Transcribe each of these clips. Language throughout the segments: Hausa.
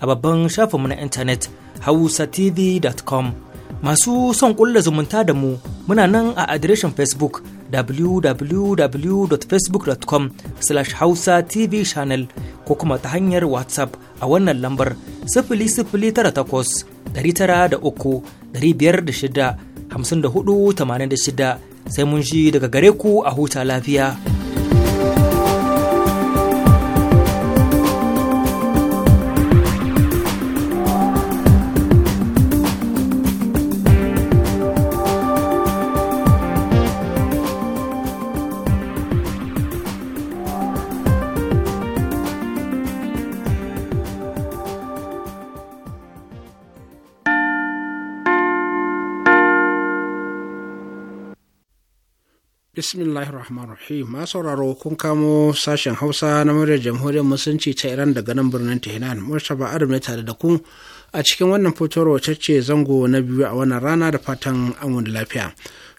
a babban shafinmu na intanet hausatv.com masu son kulla zumunta da mu muna nan a adireshin facebook www.facebook.com slash hausa tv channel ko kuma ta hanyar whatsapp a wannan lambar takwas, tara da da shida, hamsin da hudu, sai mun ji daga gare ku a huta lafiya. bismillahir rahmanir rahim ma sauraro kun kamo sashen hausa na muryar jamhuriyar musulunci ta iran daga nan birnin tehran murtaba adam ne tare da ku a cikin wannan fitowar wacce zango na biyu a wannan rana da fatan an wani lafiya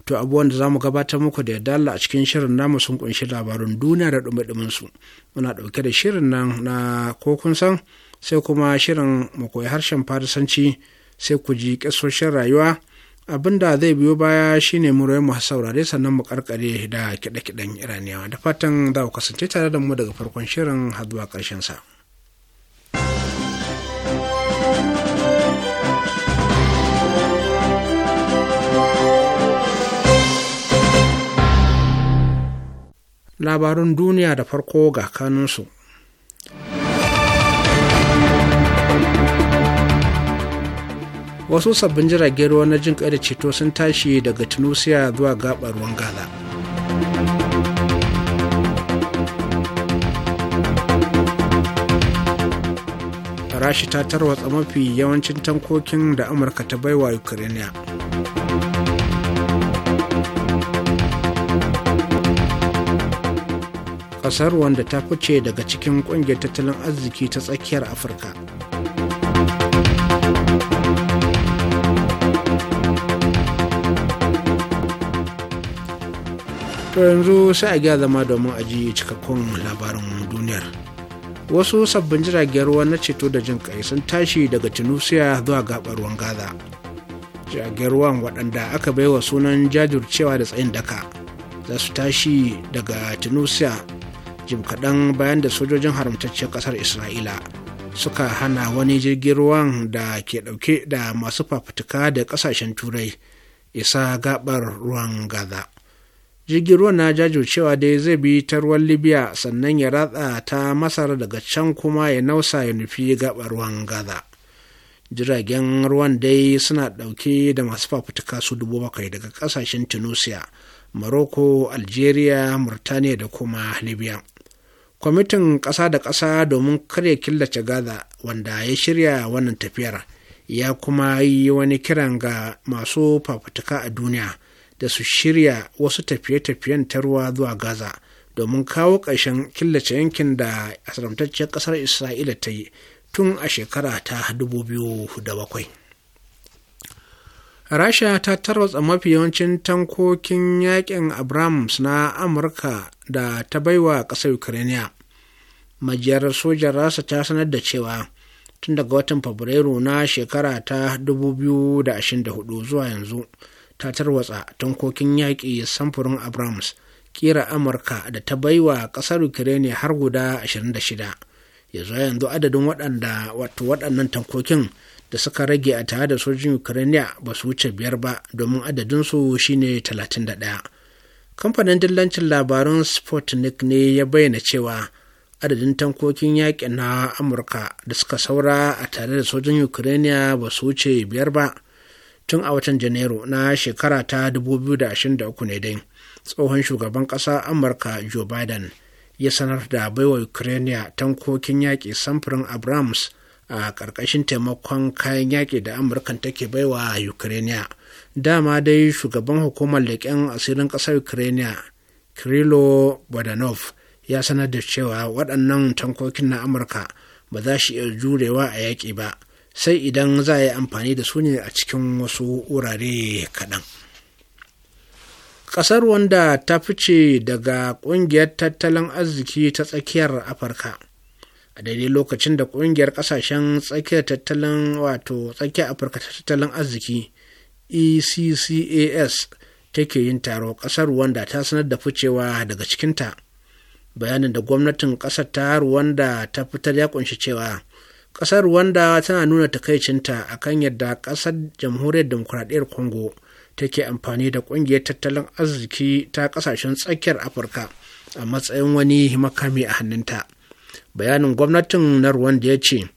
to abubuwan da zamu gabatar muku da yadda Allah a cikin shirin namu sun kunshi labarun duniya da dumi su muna dauke da shirin nan na ko kun san sai kuma shirin mu koyi harshen farisanci sai ku ji kasoshin rayuwa abin da zai biyo baya shine murayen masu saurare sannan mu karkare da kiɗe-kiɗen iraniyawa da fatan za ku kasance tare da mu daga farkon shirin har zuwa ƙarshen sa. labarun duniya da farko ga kanunsu wasu sabbin jiragen ruwa na jin da ceto sun tashi daga tunisia zuwa gabar ruwan gaza rashi ta tarwatsa mafi yawancin tankokin da amurka ta baiwa ukraine Ƙasar wanda ta fice daga cikin ƙungiyar tattalin arziki ta tsakiyar afirka to yanzu sai a gya zama domin a ji cikakkun labarin duniyar wasu sabbin jiragen ruwa na ceto da jin kai sun tashi daga tunisia zuwa gabar ruwan gaza jiragen ruwan waɗanda aka baiwa sunan jajircewa da tsayin daka za su tashi daga tunisia jim kaɗan bayan da sojojin haramtaccen ƙasar isra'ila suka hana wani jirgin ruwan da ke ɗauke da masu fafutuka da ƙasashen turai isa gabar ruwan gaza jirgin ruwan na jajircewa dai zai bi ta ruwan libya sannan ya ratsa ta masar daga can kuma ya nausa ya nufi gaɓa ruwan gaza jiragen ruwan dai suna ɗauke da masu fafutuka su dubu bakwai daga ƙasashen tunisia morocco algeria murtaniya da kuma libya kwamitin ƙasa da ƙasa domin karya killace gaza wanda ya shirya wannan tafiyar ya kuma yi wani kiran ga masu fafutuka a duniya da su shirya wasu tafiye-tafiyen ta ruwa zuwa gaza domin kawo ƙarshen killace yankin da asramtacciyar ƙasar isra'ila ta yi tun a shekara ta bakwai. rasha ta tarwatsa mafi yawancin tankokin yakin abrams na amurka da ta baiwa ƙasar ukraine majiyar sojan rasa ta sanar da cewa tun daga watan fabrairu na shekara ta 2024 zuwa yanzu ta tarwatsa tankokin yaƙi samfurin abrams kira amurka da ta bai wa ƙasar ukraine har guda 26 yanzu yanzu adadin waɗanda wato waɗannan tankokin da suka rage a tare da sojin ukraine ba su wuce biyar ba domin adadinsu shine 31 kamfanin dillancin labarun sputnik ne ya bayyana cewa adadin tankokin yaƙi na amurka da suka saura a tare da sojin ukraine ba su wuce biyar ba tun a watan janairu na shekara ta 2023 ne dai tsohon shugaban ƙasa amurka joe biden ya sanar da baiwa ukraine tankokin yaƙi samfurin abrams a ƙarƙashin taimakon kayan yaƙi da amurkan take baiwa ukraine dama dai shugaban hukumar leƙen asirin ƙasar ukraine kirilo bodanov ya sanar da cewa waɗannan tankokin na amurka ba za shi iya jurewa a yaƙi ba sai idan za a yi amfani da su ne a cikin wasu wurare kaɗan ƙasar wanda ta fice daga ƙungiyar tattalin arziki ta tsakiyar afirka a daidai lokacin da ƙungiyar ƙasashen tsakiyar tattalin wato tsakiyar afirka ta tattalin arziki eccas take yin taro ƙasar wanda ta sanar da ficewa daga cikinta bayanin da gwamnatin ƙasar ta rwanda ta fitar ya ƙunshi cewa ƙasar rwanda tana nuna takaicinta kan yadda ƙasar jamhuriyar demokuraɗiyyar congo take amfani da ƙungiyar tattalin arziki ta ƙasashen tsakiyar afirka a matsayin wani makami a hannunta bayanin gwamnatin na rwanda ya ce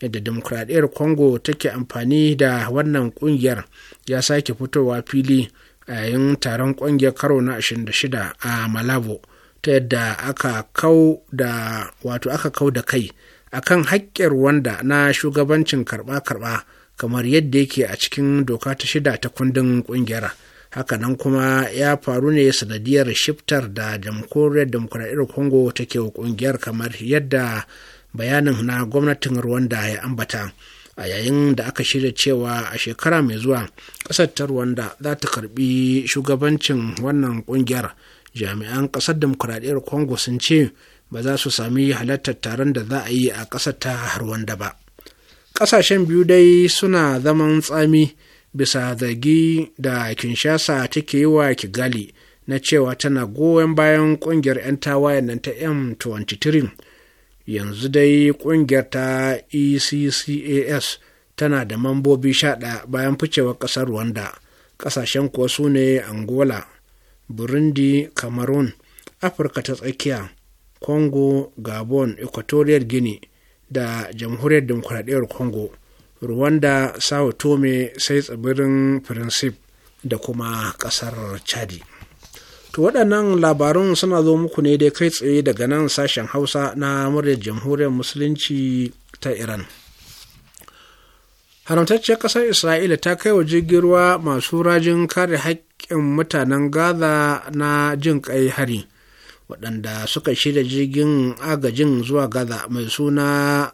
yadda demokuraɗiyyar congo take amfani da wannan ƙungiyar ya sake fitowa fili a yayin taron ƙungiyar karo na 26 a malabo ta yadda aka kau da wato aka kau da kai akan haƙƙin wanda na shugabancin karɓa-karɓa kamar yadda yake a cikin doka ta shida ta kundin ƙungiyar hakanan kuma ya faru ne sanadiyar shiftar da jamhuriyar demokuraɗiyyar congo take ƙungiyar kamar yadda bayanin na gwamnatin rwanda ya ambata a yayin da aka shirya cewa a shekara mai zuwa ƙasar ta rwanda za ta karbi shugabancin wannan ƙungiyar jami'an ƙasar demokuraɗiyyar congo sun ce ba za su sami halartar taron da za a yi a ƙasar ta Rwanda ba. Ƙasashen biyu dai suna zaman tsami bisa zargi da Kinshasa take yi wa Kigali na cewa tana goyon bayan ƙungiyar 'yan tawayen nan ta M23. Yanzu dai ƙungiyar ta ECCAS tana da mambobi shaɗa bayan ficewar ƙasar Rwanda. Ƙasashen kuwa su ne Angola, Burundi, Cameroon, Afirka ta tsakiya. congo gabon equatorial guinea da jamhuriyar demokuraɗiyyar congo rwanda sao tome sai tsibirin princip da kuma ƙasar chadi to waɗannan labarun suna zo muku ne dai kai tsaye daga nan sashen hausa na muryar jamhuriyar musulunci ta iran haramtacciyar ƙasar isra'ila ta kai wa jirgin ruwa masu rajin kare haƙƙin mutanen gaza na jin ƙai hari waɗanda suka shirya jirgin agajin zuwa gaza mai suna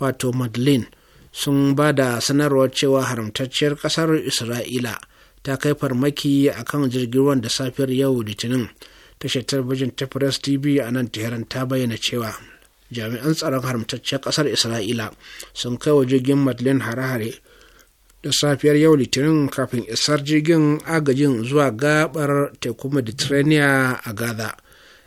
wato madlin sun ba da sanarwar cewa haramtacciyar ƙasar isra'ila ta kai farmaki a kan jirgin ruwan da safiyar yau litinin tashar talabijin ta press tv a nan tehran ta bayyana cewa jami'an tsaron haramtacciyar ƙasar isra'ila sun kai wa jirgin madlin hare-hare da safiyar yau litinin kafin isar jirgin agajin zuwa gabar tekun mediterranean a gaza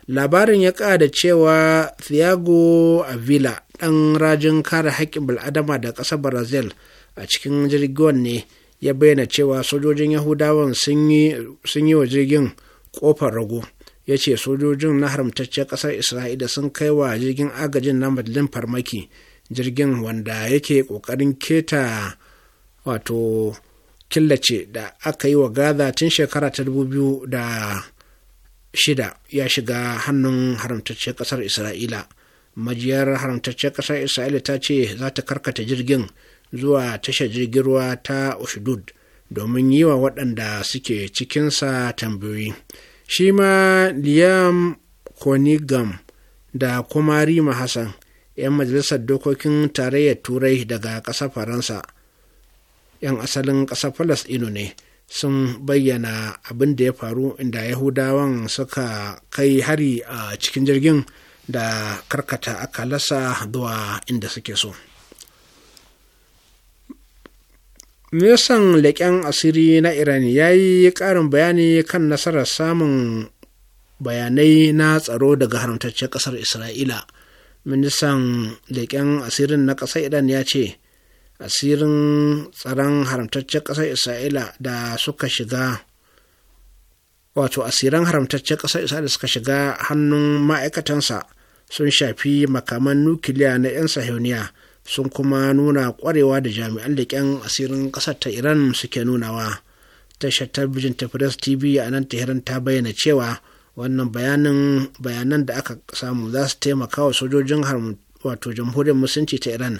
labarin ya da cewa thiago avila ɗan rajin kare haƙƙin bil'adama da ƙasar brazil a cikin jirgin ne ya bayyana cewa sojojin yahudawan sun yi wa jirgin ƙofar rago ya ce sojojin na haramtacce ƙasar isra'ila sun kai wa jirgin agajin na madalin farmaki jirgin wanda yake ƙoƙarin keta wato killace da aka yi wa gaza tun shekara ta 2000 da shida ya shiga hannun haramtacciyar ƙasar isra'ila majiyar haramtacciyar ƙasar isra'ila ta ce za ta karkata jirgin zuwa tashar jirgin ruwa ta oshudud domin yi wa waɗanda suke cikinsa tambayoyi shi ma liam konigam da kuma rima hassan 'yan majalisar dokokin tarayyar turai daga ƙasar faransa 'yan asalin ƙasar falasɗinu ne sun bayyana abin da ya faru inda yahudawan suka kai hari a cikin jirgin da karkata akalasa zuwa inda suke so Nisan leƙen asiri na Iran ya yi ƙarin bayani kan nasarar samun bayanai na tsaro daga haramtaccen ƙasar Isra'ila. Ministan leƙen asirin na ƙasar Iran ya ce, asirin tsaron haramtaccen ƙasar isra'ila da suka shiga wato asiran haramtaccen ƙasar isra'ila suka shiga hannun ma'aikatansa sun shafi makaman nukiliya na 'yan sahiyoniya sun kuma nuna ƙwarewa da jami'an leƙen asirin ƙasar ta iran suke nunawa tashar talabijin ta press tv a nan tehran ta bayyana cewa wannan bayanin bayanan da aka samu za su taimaka wa sojojin wato jamhuriyar musulunci ta iran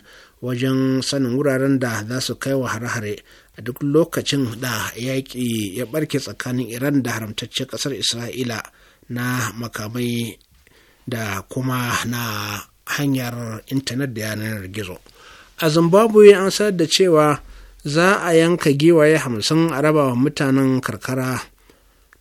wajen sanin wuraren da za su kai wa hare-hare a duk lokacin da yaƙi ya barke tsakanin iran da haramtaccen ƙasar isra'ila na makamai da kuma na hanyar intanet da yanar gizo a zimbabwe an sa da cewa za a yanka giwaye hamsin a raba mutanen karkara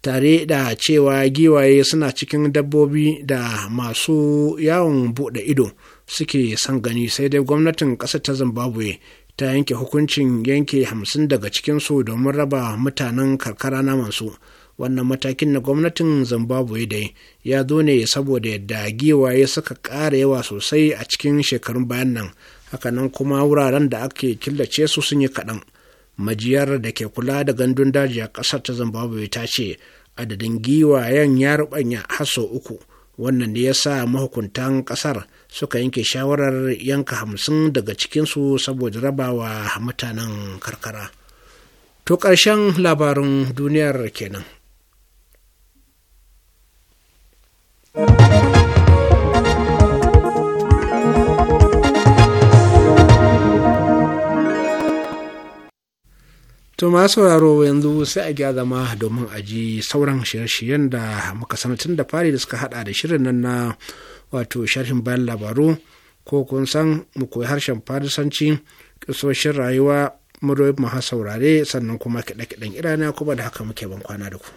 tare da cewa giwaye suna cikin dabbobi da masu yawon buɗe ido suke son gani sai dai gwamnatin ƙasar ta zimbabwe ta yanke hukuncin yanke hamsin daga cikinsu domin raba mutanen karkara namansu wannan matakin na gwamnatin zimbabwe dai ya zo ne saboda yadda giwaye suka ƙara yawa sosai a cikin shekarun bayan nan hakanan kuma wuraren da ake killace su sun yi kaɗan majiyar da ke kula da gandun daji a ƙasar ta zimbabwe ta ce adadin giwayen ya rubanya har sau uku wannan ne ya sa mahukuntan ƙasar suka yanke shawarar yanka hamsin daga cikinsu saboda rabawa mutanen karkara to ƙarshen labarin duniyar kenan To masu sauraro yanzu sai a gya zama domin a ji sauran shirye-shiryen da muka sanatun da fari da suka hada da shirin nan na wato sharhin bayan labaru ko kun san mu koyi harshen farisanci kisoshin rayuwa mu masu saurare sannan kuma kiɗe-kiɗen irana kuma da haka muke ban kwana da ku.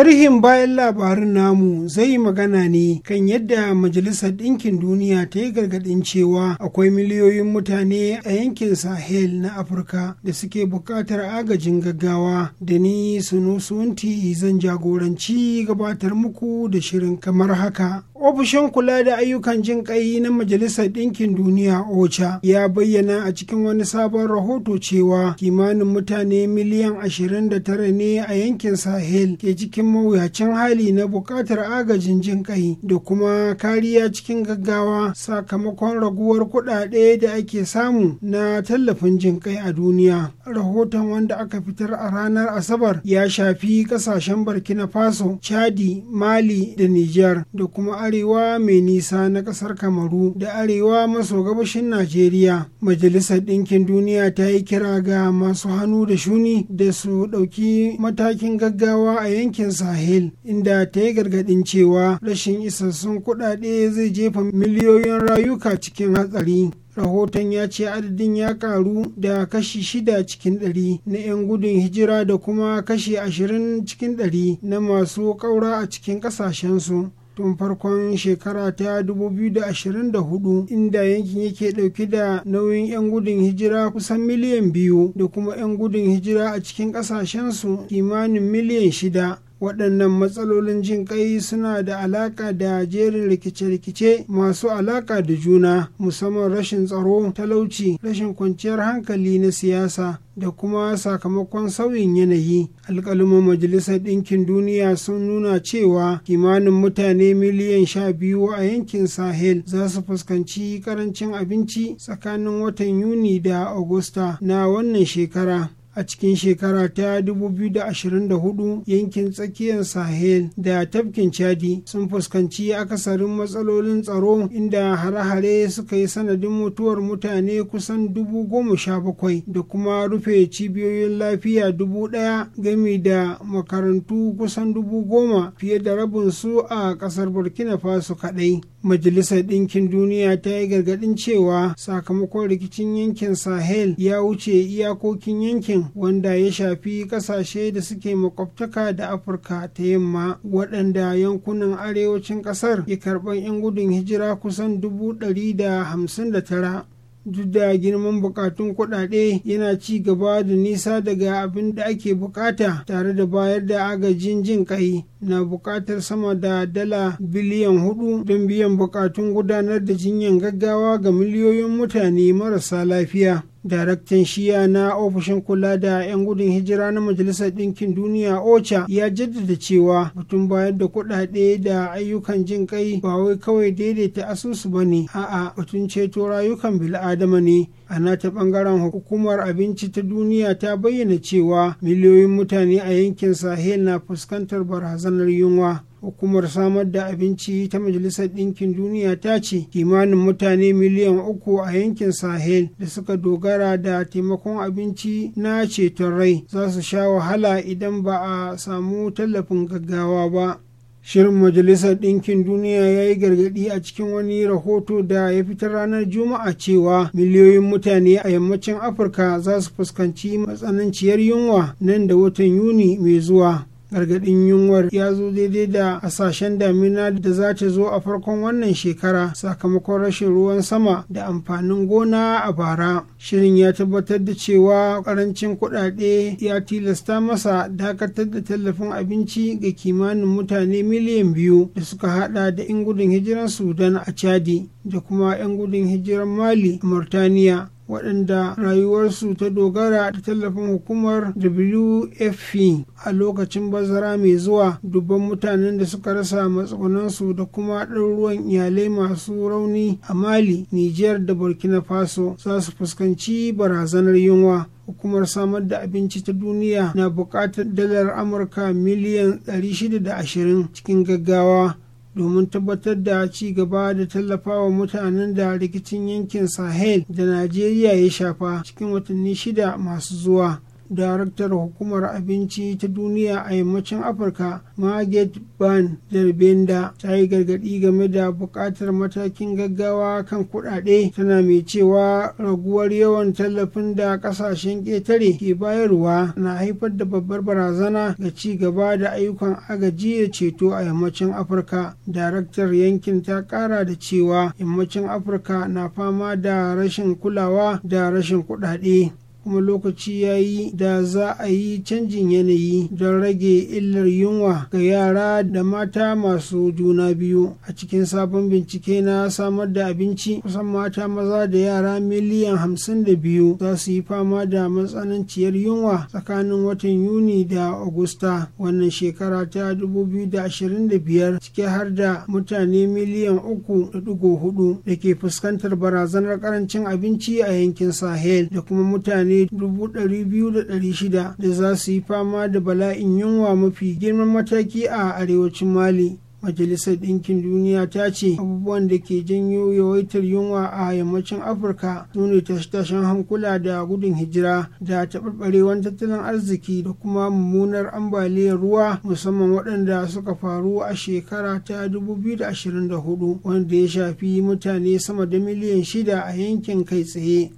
Tarihin bayan labarin namu zai magana ne kan yadda Majalisar Ɗinkin Duniya ta yi gargaɗin cewa akwai miliyoyin mutane a yankin Sahel na Afirka da suke buƙatar agajin gaggawa da ni sunusunti zan jagoranci gabatar muku da shirin kamar haka. Ofishin kula da ayyukan jin ƙai na Majalisar Ɗinkin Duniya OCHA ya bayyana a cikin wani sabon rahoto cewa kimanin mutane miliyan 29 ne a yankin Sahel ke cikin mawuyacin hali na buƙatar agajin jin ƙai da kuma kariya cikin gaggawa sakamakon raguwar kuɗaɗe da ake samu na tallafin jin ƙai a duniya. Rahoton wanda aka fitar a ranar Asabar ya shafi ƙasashen Burkina Faso, Chadi, Mali da Nijar da kuma arewa mai nisa na kasar kamaru da arewa maso gabashin najeriya majalisar ɗinkin duniya ta yi kira ga masu hannu da shuni da su ɗauki matakin gaggawa a yankin sahel inda ta yi gargaɗin cewa rashin isassun kuɗaɗe zai jefa miliyoyin rayuka cikin hatsari rahoton ya ce adadin ya karu da kashi shida cikin ɗari na 'yan gudun hijira da kuma kashi ashirin cikin ɗari na masu ƙaura a cikin ƙasashensu tun farkon shekara ta 2024 inda yankin yake dauke da nauyin 'yan gudun hijira kusan miliyan biyu da kuma 'yan gudun hijira a cikin kasashensu kimanin miliyan shida waɗannan matsalolin jin ƙai suna da alaƙa da jerin rikice-rikice masu alaƙa da juna musamman rashin tsaro talauci rashin kwanciyar hankali na siyasa da kuma sakamakon sauyin yanayi alƙaluman majalisar ɗinkin duniya sun nuna cewa kimanin mutane miliyan sha biyu a yankin sahel za su fuskanci karancin abinci tsakanin watan yuni da agusta na wannan shekara a cikin shekara ta 2024 yankin tsakiyar sahel da tafkin chadi sun fuskanci akasarin matsalolin tsaro inda hare-hare suka yi sanadin mutuwar mutane kusan 17,000 da kuma rufe cibiyoyin lafiya 1,000 gami da makarantu kusan 10,000 fiye da rabin su a ƙasar burkina faso kaɗai majalisar ɗinkin duniya ta yi gargadin cewa sakamakon rikicin yankin sahel ya wuce iyakokin yankin wanda ya shafi kasashe da suke makwabtaka da afirka ta yamma waɗanda yankunan arewacin ƙasar ya karɓar 'yan gudun hijira kusan dubu ɗari da da hamsin tara. duk da girman bukatun kuɗaɗe yana ci gaba da nisa daga abin da ake bukata tare da bayar da agajin jin kai na bukatar sama da dala biliyan hudu don biyan bukatun gudanar da jinyan gaggawa ga miliyoyin mutane marasa lafiya daraktan shiya na ofishin kula da 'yan gudun hijira na majalisar ɗinkin duniya ocha ya jaddada cewa mutum bayar da kuɗaɗe da ayyukan jin kai ba wai kawai daidaita asusu ba ne a'a mutum ceto rayukan bil'adama ne a nata bangaren hukumar abinci ta duniya ta bayyana cewa miliyoyin mutane a yankin sahel na fuskantar barazanar yunwa hukumar samar da abinci ta majalisar ɗinkin duniya ta ce kimanin mutane miliyan uku a yankin sahel da suka dogara da taimakon abinci na ceton rai za su sha wahala idan ba a samu tallafin gaggawa ba Shirin Majalisar Ɗinkin Duniya ya yi gargaɗi a cikin wani rahoto da ya fitar ranar Juma'a cewa miliyoyin mutane a yammacin Afirka za su fuskanci matsananciyar yunwa nan da watan Yuni mai zuwa. gargadin yunwar ya zo daidai da hasashen damina da za ta zo a farkon wannan shekara sakamakon rashin ruwan sama da amfanin gona a bara shirin ya tabbatar da cewa karancin kuɗaɗe ya tilasta masa dakatar da tallafin abinci ga kimanin mutane miliyan biyu da suka hada da 'yan gudun hijiran sudan a chadi da kuma 'yan gudun hijiran mali a murtaniya waɗanda rayuwarsu ta dogara da tallafin hukumar wfp a lokacin bazara mai zuwa dubban mutanen da suka rasa matsugunansu da kuma ɗaruruwan iyalai masu rauni a mali nijar da burkina faso za su fuskanci barazanar yunwa hukumar samar da abinci ta duniya na buƙatar dalar amurka miliyan 620 cikin gaggawa domin tabbatar da ci gaba da tallafawa mutanen da rikicin yankin sahel da najeriya ya shafa cikin watanni shida masu zuwa daraktar hukumar abinci ta duniya a yammacin afirka margaret ban derbenda ta yi gargadi game da buƙatar matakin gaggawa kan kuɗaɗe tana mai cewa raguwar yawan tallafin da ƙasashen ƙetare ke bayarwa na haifar da babbar barazana ga ci gaba da ayyukan agaji da ceto a yammacin afirka daraktar yankin ta ƙara da cewa yammacin afirka na fama da rashin kulawa da rashin kuɗaɗe kuma lokaci ya yi da za a yi canjin yanayi don rage illar yunwa ga yara da mata masu juna biyu a cikin sabon bincike na samar da abinci kusan mata maza da yara miliyan hamsin da biyu za su yi fama da matsananciyar yunwa tsakanin watan yuni da agusta wannan shekara ta 2025 ciki har da mutane miliyan uku da dugo hudu da ke fuskantar barazanar karancin abinci a yankin sahel da kuma mutane mutane 2,600 da za su yi fama da bala'in yunwa mafi girman mataki a arewacin mali majalisar ɗinkin duniya ta ce abubuwan da ke janyo yawaitar yunwa a yammacin afirka su ne tashe-tashen hankula da gudun hijira da taɓarɓarewar tattalin arziki da kuma mummunar ambaliyar ruwa musamman waɗanda suka faru a shekara ta 2024 wanda ya shafi mutane sama da miliyan shida a yankin kai tsaye.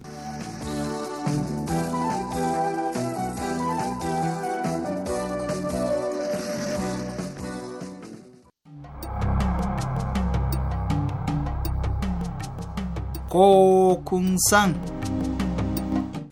ko kun san.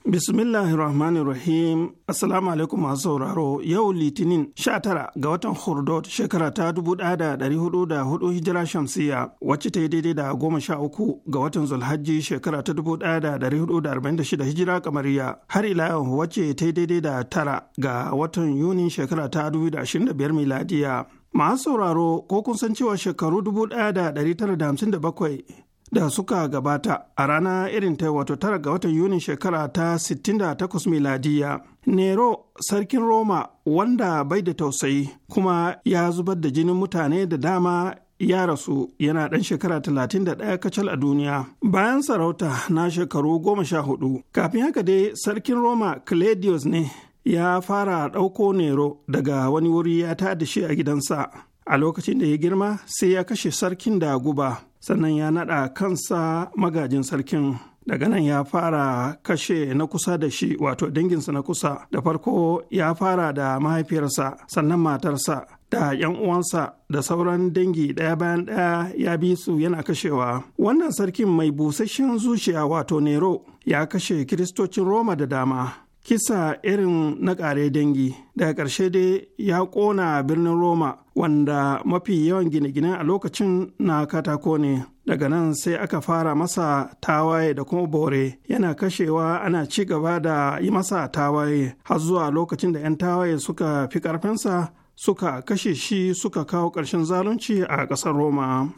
Bismillahirrahmanirrahim. Assalamu alaikum masu sauraro yau Litinin 19 ga watan Hurdot shekara ta 1404 hijira shamsiya wacce ta yi daidai da 13 ga watan Zulhajji shekara ta 1446 hijira kamariya har ila yau wacce ta yi daidai da tara ga watan Yuni shekara ta 2025 miladiya. Masu sauraro ko kun san cewa shekaru 1957 da suka gabata a rana irin ta wato tara ga watan yunin shekara ta 68 miladiya. Nero sarkin Roma wanda bai da tausayi kuma ya zubar da jinin mutane da dama ya rasu yana ɗan shekara 31 kacal a duniya bayan sarauta na shekaru goma sha hudu. kafin haka dai sarkin Roma Claudius ne ya fara ɗauko Nero daga wani wuri ya tada shi a gidansa a lokacin da ya girma sai ya kashe sarkin da guba sannan ya naɗa kansa magajin sarkin daga nan ya fara kashe na kusa da shi wato danginsa na kusa da farko ya fara da mahaifiyarsa sannan matarsa da 'yan uwansa da sauran dangi ɗaya bayan ɗaya ya bi su yana kashewa wannan sarkin mai busasshen zuciya wato nero ya kashe kiristocin roma da dama kisa irin na ƙare dangi daga ƙarshe dai ya ƙona birnin roma wanda mafi yawan gine gine a lokacin na katako ne daga nan sai aka fara masa tawaye da kuma bore yana kashewa ana ci gaba da yi masa tawaye har zuwa lokacin da 'yan tawaye suka fi ƙarfinsa suka kashe shi suka kawo ƙarshen zalunci a ƙasar roma.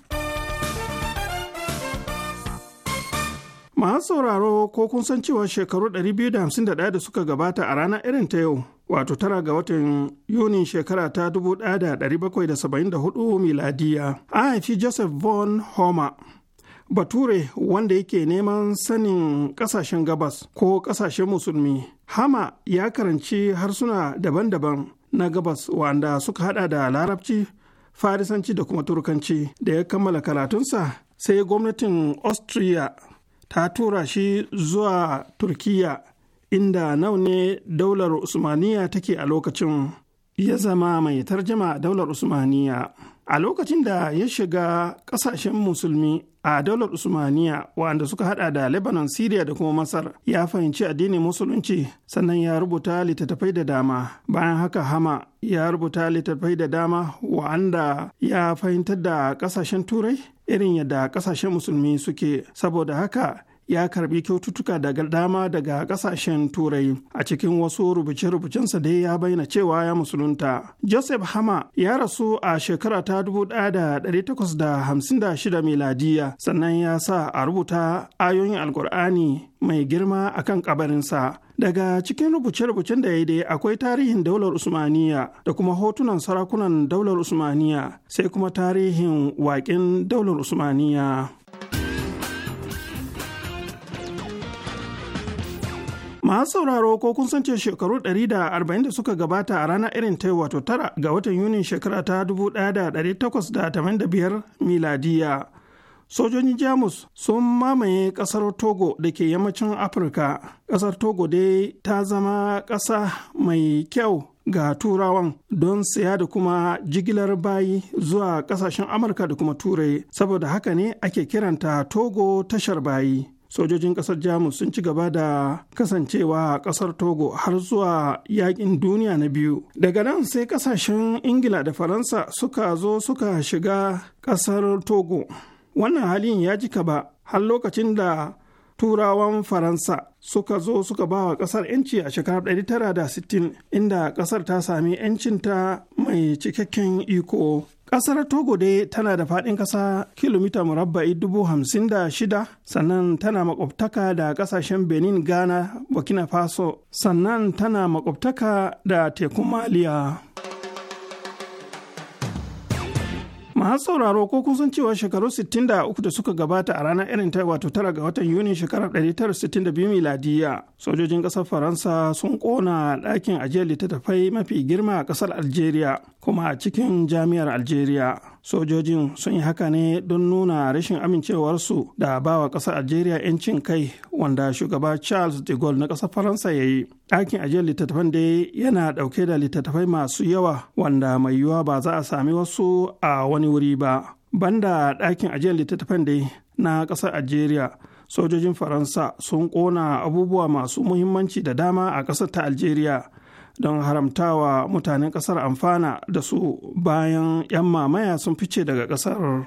Masu sauraro ko kun san cewa shekaru 251 da suka gabata a ranar irin ta yau, wato tara ga watan yuni shekara ta 1774 miladiya, an haifi Joseph von Homer. Bature wanda yake neman sanin kasashen gabas ko kasashen musulmi, Hama ya karanci harsuna daban-daban na gabas wanda suka hada da larabci, farisanci da kuma turkanci da ya kammala karatunsa sai gwamnatin Austria ta tura shi zuwa turkiya inda nau ne daular usmaniya take a lokacin ya zama mai tarjama daular usmaniya a lokacin da ya shiga kasashen musulmi a daular usmaniya wanda suka hada da lebanon syria da kuma masar ya fahimci addinin musulunci sannan ya rubuta littattafai da dama bayan haka hama ya rubuta littattafai da dama wa'anda ya fahimtar da kasashen turai irin yadda kasashen musulmi suke saboda haka ya karbi kyaututtuka daga dama daga kasashen turai a cikin wasu rubuce-rubucensa dai ya bayyana cewa ya musulunta joseph hama ya rasu a shekara ta 1856 miladiya sannan ya sa a rubuta ayoyin alkur'ani mai girma akan kabarinsa daga cikin rubuce-rubucen da ya dai akwai tarihin daular usmaniya da kuma hotunan sarakunan daular usmaniya sai kuma tarihin waƙin daular usmaniya Masu sauraro ko kun san ce shekaru 140 da suka gabata a ranar irin ta wato tara ga watan Yunin shekara ta 1885 miladiya. Sojojin Jamus sun mamaye kasar Togo da ke yammacin Afirka. Kasar Togo dai ta zama ƙasa mai kyau ga turawan don siya da kuma jigilar bayi zuwa ƙasashen Amurka da kuma Turai, saboda haka ne ake kiranta Togo tashar bayi. sojojin kasar jamus sun ci gaba da kasancewa a kasar togo har zuwa yakin duniya na biyu daga nan sai kasashen ingila da faransa suka zo suka shiga kasar togo wannan halin ya jika ba har lokacin da turawan faransa suka zo suka ba wa kasar yanci a shekarar 1960 inda kasar ta sami yancinta mai cikakken iko Ƙasar Togo dai tana da faɗin ƙasa kilomita murabba'i dubu hamsin da shida, sannan tana makwabtaka da ƙasashen Benin, Ghana, Burkina Faso, sannan tana makwabtaka da tekun Maliya. masu sauraro ko kun san cewa shekaru 63 da suka gabata a ranar irin ta wato tara ga watan yuni shekarar 1962 miladiya sojojin kasar faransa sun kona ɗakin ajiyar littattafai mafi girma a kasar algeria kuma a cikin jami'ar algeria sojojin sun yi haka ne don nuna rashin amincewarsu da bawa ƙasar algeria 'yancin kai wanda shugaba charles de gaulle na ƙasar faransa ya yi ɗakin ajiyar littattafan da yana ɗauke da littattafai masu yawa wanda mai yiwuwa ba za a sami wasu a wani wuri ba banda ɗakin ajiyar littattafan da na ƙasar algeria sojojin faransa sun ƙona abubuwa masu muhimmanci da dama a ƙasar ta algeria don haramtawa mutanen ƙasar amfana da su bayan 'yan mamaya sun fice daga ƙasar.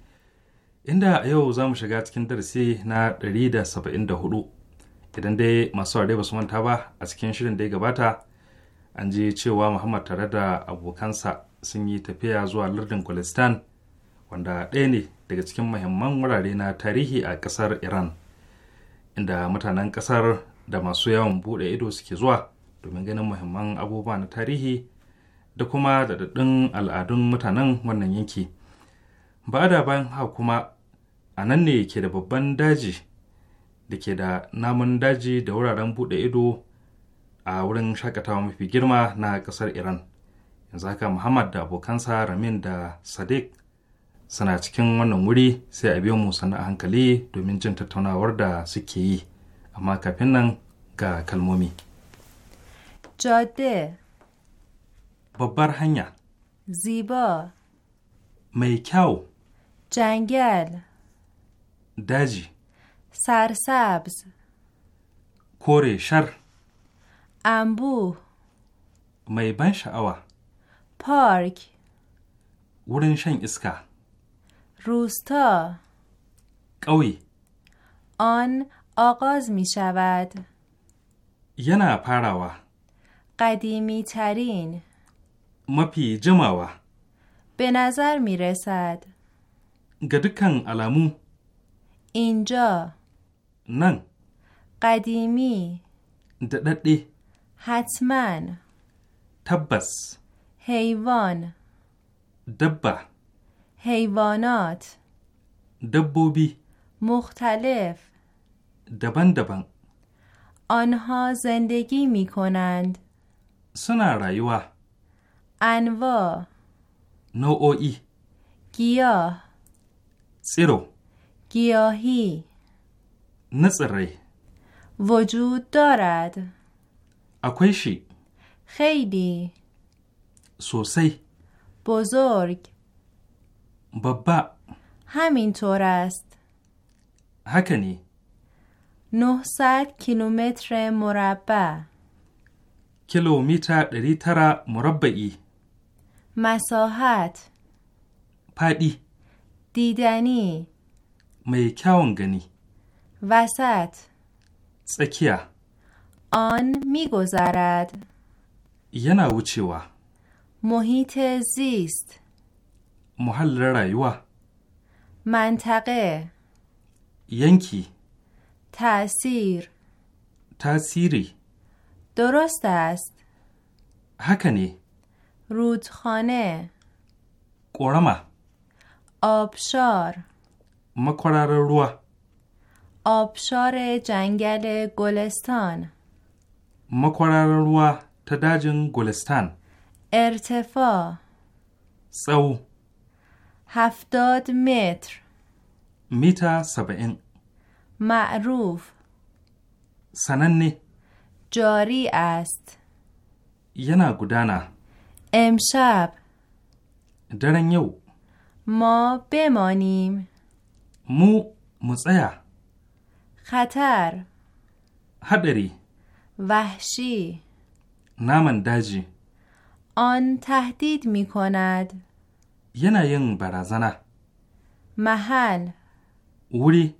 inda a yau za mu shiga cikin darasi na 174 idan dai masu ware ba su manta ba a cikin shirin da ya gabata an ji cewa muhammad tare da abokansa sun yi tafiya zuwa lardin kwalistan wanda ɗaya ne daga cikin muhimman wurare na tarihi a ƙasar iran inda mutanen ƙasar da masu yawan buɗe ido suke zuwa domin ganin muhimman abubuwa na tarihi da kuma daɗaɗɗun al'adun mutanen wannan yanki. ba da bayan haka kuma a nan ne ke da babban daji da ke da namun daji da wuraren buɗe ido a wurin shakatawa mafi girma na ƙasar iran yanzu haka muhammad da abokansa ramin da sadiq suna cikin wannan wuri sai a biyo mu sannan hankali domin jin tattaunawar da suke yi amma kafin nan ga kalmomi jade babbar hanya ziba mai kyau جنگل دجی سرسبز کره شر امبو می شعوا پارک Park. شن اسکا روستا قوی آن آغاز می شود ینا پاراوا قدیمی ترین مپی جماوا به نظر می رسد ga dukkan علامو اینجا نن قدیمی دددی حتما تبس حیوان دبه حیوانات دبوبی مختلف دبن آنها زندگی می کنند سنا رایوه انواع نوعی گیاه سیرو گیاهی نصره وجود دارد اکویشی خیلی سوسی بزرگ بابا طور است هکنی 900 کیلومتر مربع کیلومتر دری مربعی مساحت پدی دیدنی می وسط سکیا آن میگذرد ینا وچیوا محیط زیست محل رایوا منطقه ینکی تأثیر تأثیری درست است هکنی رودخانه قرمه آبشار مکرر رو آبشار جنگل گلستان مکرر روح تداجن گلستان ارتفاع سو هفتاد متر میتا سبعین معروف سننی جاری است ینا گدانا امشب درن یو ما بمانیم مو مزایا خطر هدری وحشی نامن داجی آن تهدید می کند یه برازنه محل وری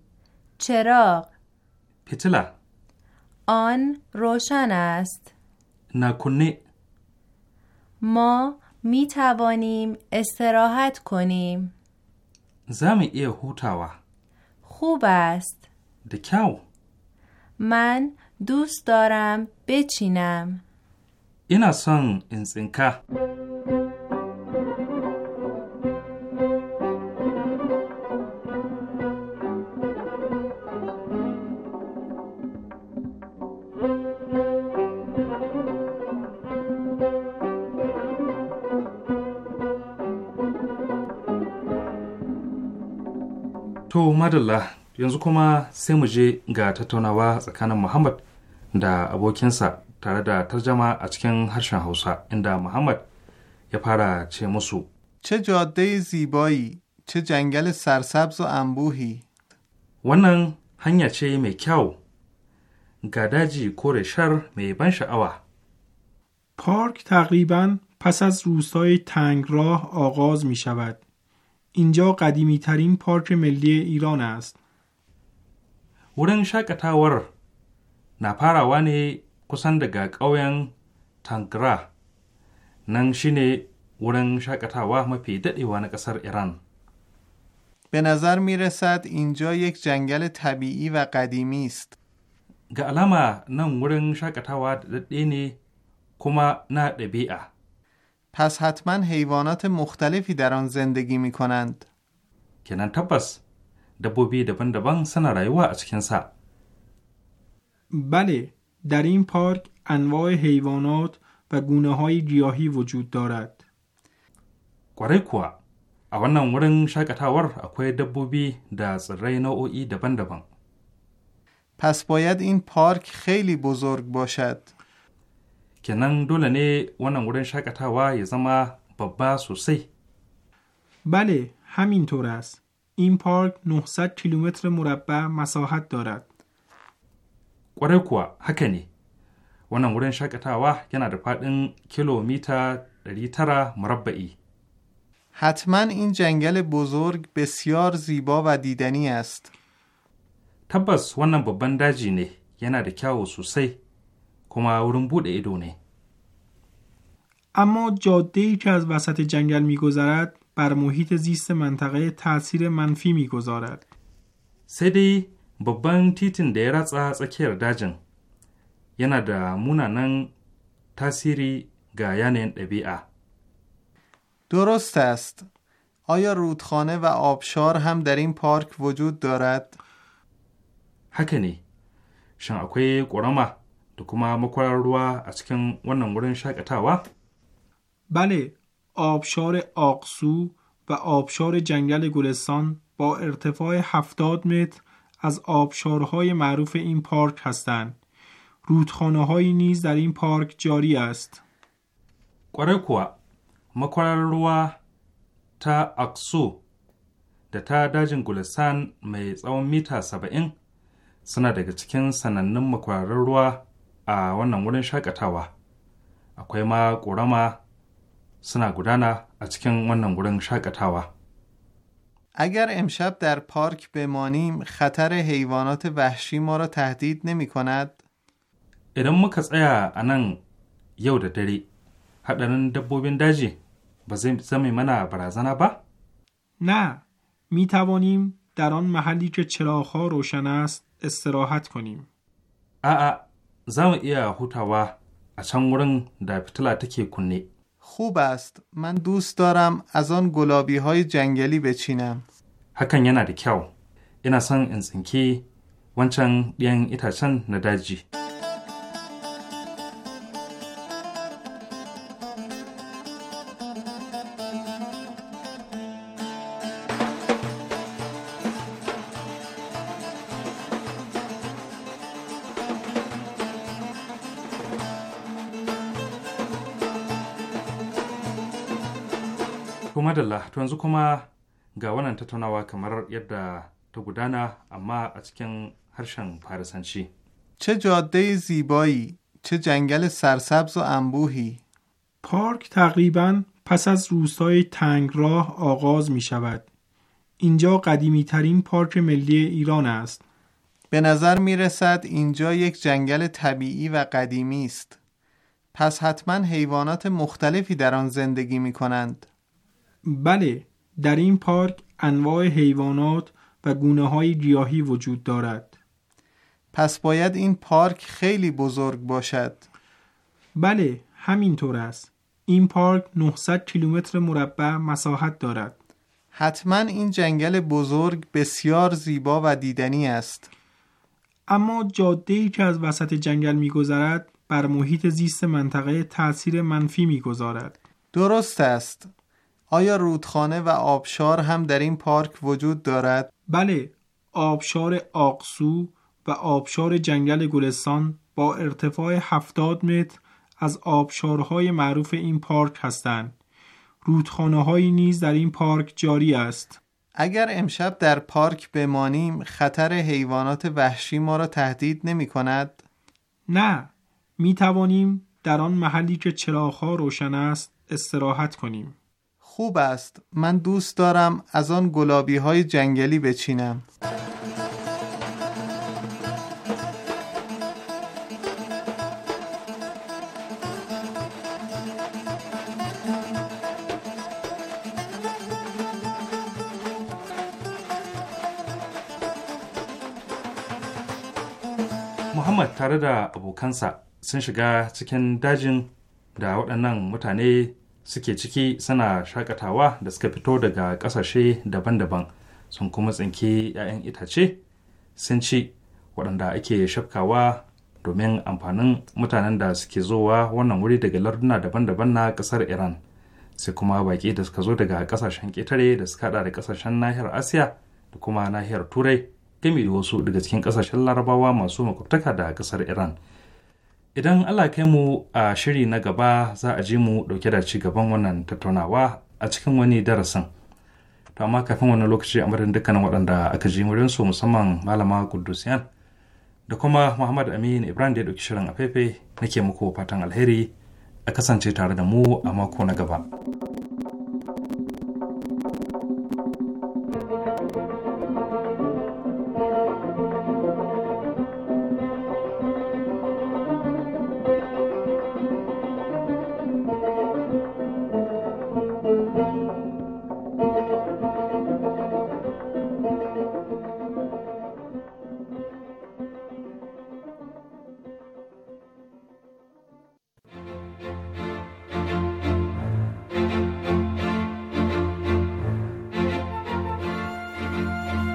چراغ پتلا آن روشن است نکنه ما می توانیم استراحت کنیم. زمی ایه هوتاوا. خوب است. دکاو. من دوست دارم بچینم. اینا سان انسنکا. To madalla yanzu kuma sai mu je ga tattaunawa tsakanin Muhammad da abokinsa tare da tarjama a cikin harshen Hausa inda Muhammad ya fara ce musu. چه جاده زیبایی ce جنگل سرسبز و wannan hanya ce mai kyau ga daji kore shar mai ban sha'awa Fork تقریبا پس از روستای تنگراه آغاز می شود اینجا قدیمی ترین پارک ملی Wurin shakatawar na farawa ne kusan daga ƙauyen Tangra, nan shine wurin shaƙatawa mafi daɗewa na ƙasar Iran. به نظر می رسد اینجا یک جنگل ga alama nan wurin shakatawa da daɗe ne kuma na ɗabi'a. پس حتما حیوانات مختلفی در آن زندگی می کنند. کنن تپس دبوبی دبن دبن سن رایوا از کنسا بله در این پارک انواع حیوانات و گونه های گیاهی وجود دارد. قره کوا a wannan wurin اکوی دبوبی dabbobi da tsirrai nau'o'i دبن پس باید این پارک خیلی بزرگ باشد. kenan dole ne wannan wurin shakatawa ya zama babba sosai. Bale, hamin است. این پارک 900 کیلومتر مربع مساحت Ƙwarai kuwa haka ne, wannan wurin shakatawa yana da faɗin kilomita 900 tara حتما این جنگل بزرگ بسیار زیبا و دیدنی است. تبس wannan babban daji ne yana da kyawu sosai kuma بود buɗe اما جاده ای که از وسط جنگل میگذرد بر محیط زیست منطقه تاثیر منفی میگذارد. سدی babban تیتن da از ratsa داجن dajin yana مونانن munanan تاثیری ga آ. درست است. آیا رودخانه و آبشار هم در این پارک وجود دارد؟ حکمی. شن اکوی قرما da kuma بله، آبشار آقسو و آبشار جنگل گلستان با ارتفاع هفتاد متر از آبشارهای معروف این پارک هستند. رودخانه نیز در این پارک جاری است. قره کوا مکرر تا آقسو ده تا داجن گلستان می زون میتا سبعین سنه دگه چکن سنن مکرر a wannan wurin shakatawa akwai ma ƙorama suna gudana a cikin wannan wurin shakatawa اگر امشب در پارک بمانیم خطر حیوانات وحشی ما را تهدید نمی کند؟ ادام ما کسایا انان یو دا دری حدنان دبوبین داجی بزیم زمی منا برازانا با؟ نه می توانیم در آن محلی که چراغ ها روشن است استراحت کنیم آآ za mu iya hutawa a can wurin da fitila take kunne. خوب است. من دوست دارم از آن گلابی های جنگلی بچینم. hakan yana da kyau ina son in tsinki wancan ɗiyan itacen na daji. چه جاده زیبایی چه جنگل سرسبز و انبوهی پارک تقریبا پس از روستای تنگراه آغاز می شود اینجا قدیمی ترین پارک ملی ایران است به نظر می رسد اینجا یک جنگل طبیعی و قدیمی است پس حتما حیوانات مختلفی در آن زندگی می کنند بله در این پارک انواع حیوانات و گونه های گیاهی وجود دارد پس باید این پارک خیلی بزرگ باشد بله همینطور است این پارک 900 کیلومتر مربع مساحت دارد حتما این جنگل بزرگ بسیار زیبا و دیدنی است اما جاده ای که از وسط جنگل میگذرد بر محیط زیست منطقه تاثیر منفی میگذارد درست است آیا رودخانه و آبشار هم در این پارک وجود دارد؟ بله، آبشار آقسو و آبشار جنگل گلستان با ارتفاع 70 متر از آبشارهای معروف این پارک هستند. رودخانه نیز در این پارک جاری است. اگر امشب در پارک بمانیم خطر حیوانات وحشی ما را تهدید نمی کند؟ نه، می توانیم در آن محلی که چراغها روشن است استراحت کنیم. خوب است من دوست دارم از آن گلابی های جنگلی بچینم محمد tare da abokansa sun shiga cikin dajin da waɗannan mutane suke ciki suna shakatawa da suka fito daga ƙasashe daban-daban sun kuma tsinki 'ya'yan itace sun ci waɗanda ake shafkawa domin amfanin mutanen da suke zowa wannan wuri daga larduna daban-daban na ƙasar iran sai kuma baƙi da suka zo daga ƙasashen ƙetare da suka haɗa da ƙasashen nahiyar asiya da kuma nahiyar turai gami da wasu daga cikin ƙasashen larabawa masu makwabtaka da ƙasar iran Idan Allah kai mu a shiri na gaba za a ji mu ɗauke da ci gaban wannan tattaunawa a cikin wani darasin. To amma kafin wani lokaci a madadin dukkanin waɗanda aka ji su musamman Malama Kudusiyan da kuma Muhammad Amin Ibrahim da ya ɗauki shirin a faifai nake muku fatan alheri a kasance tare da mu a mako na gaba.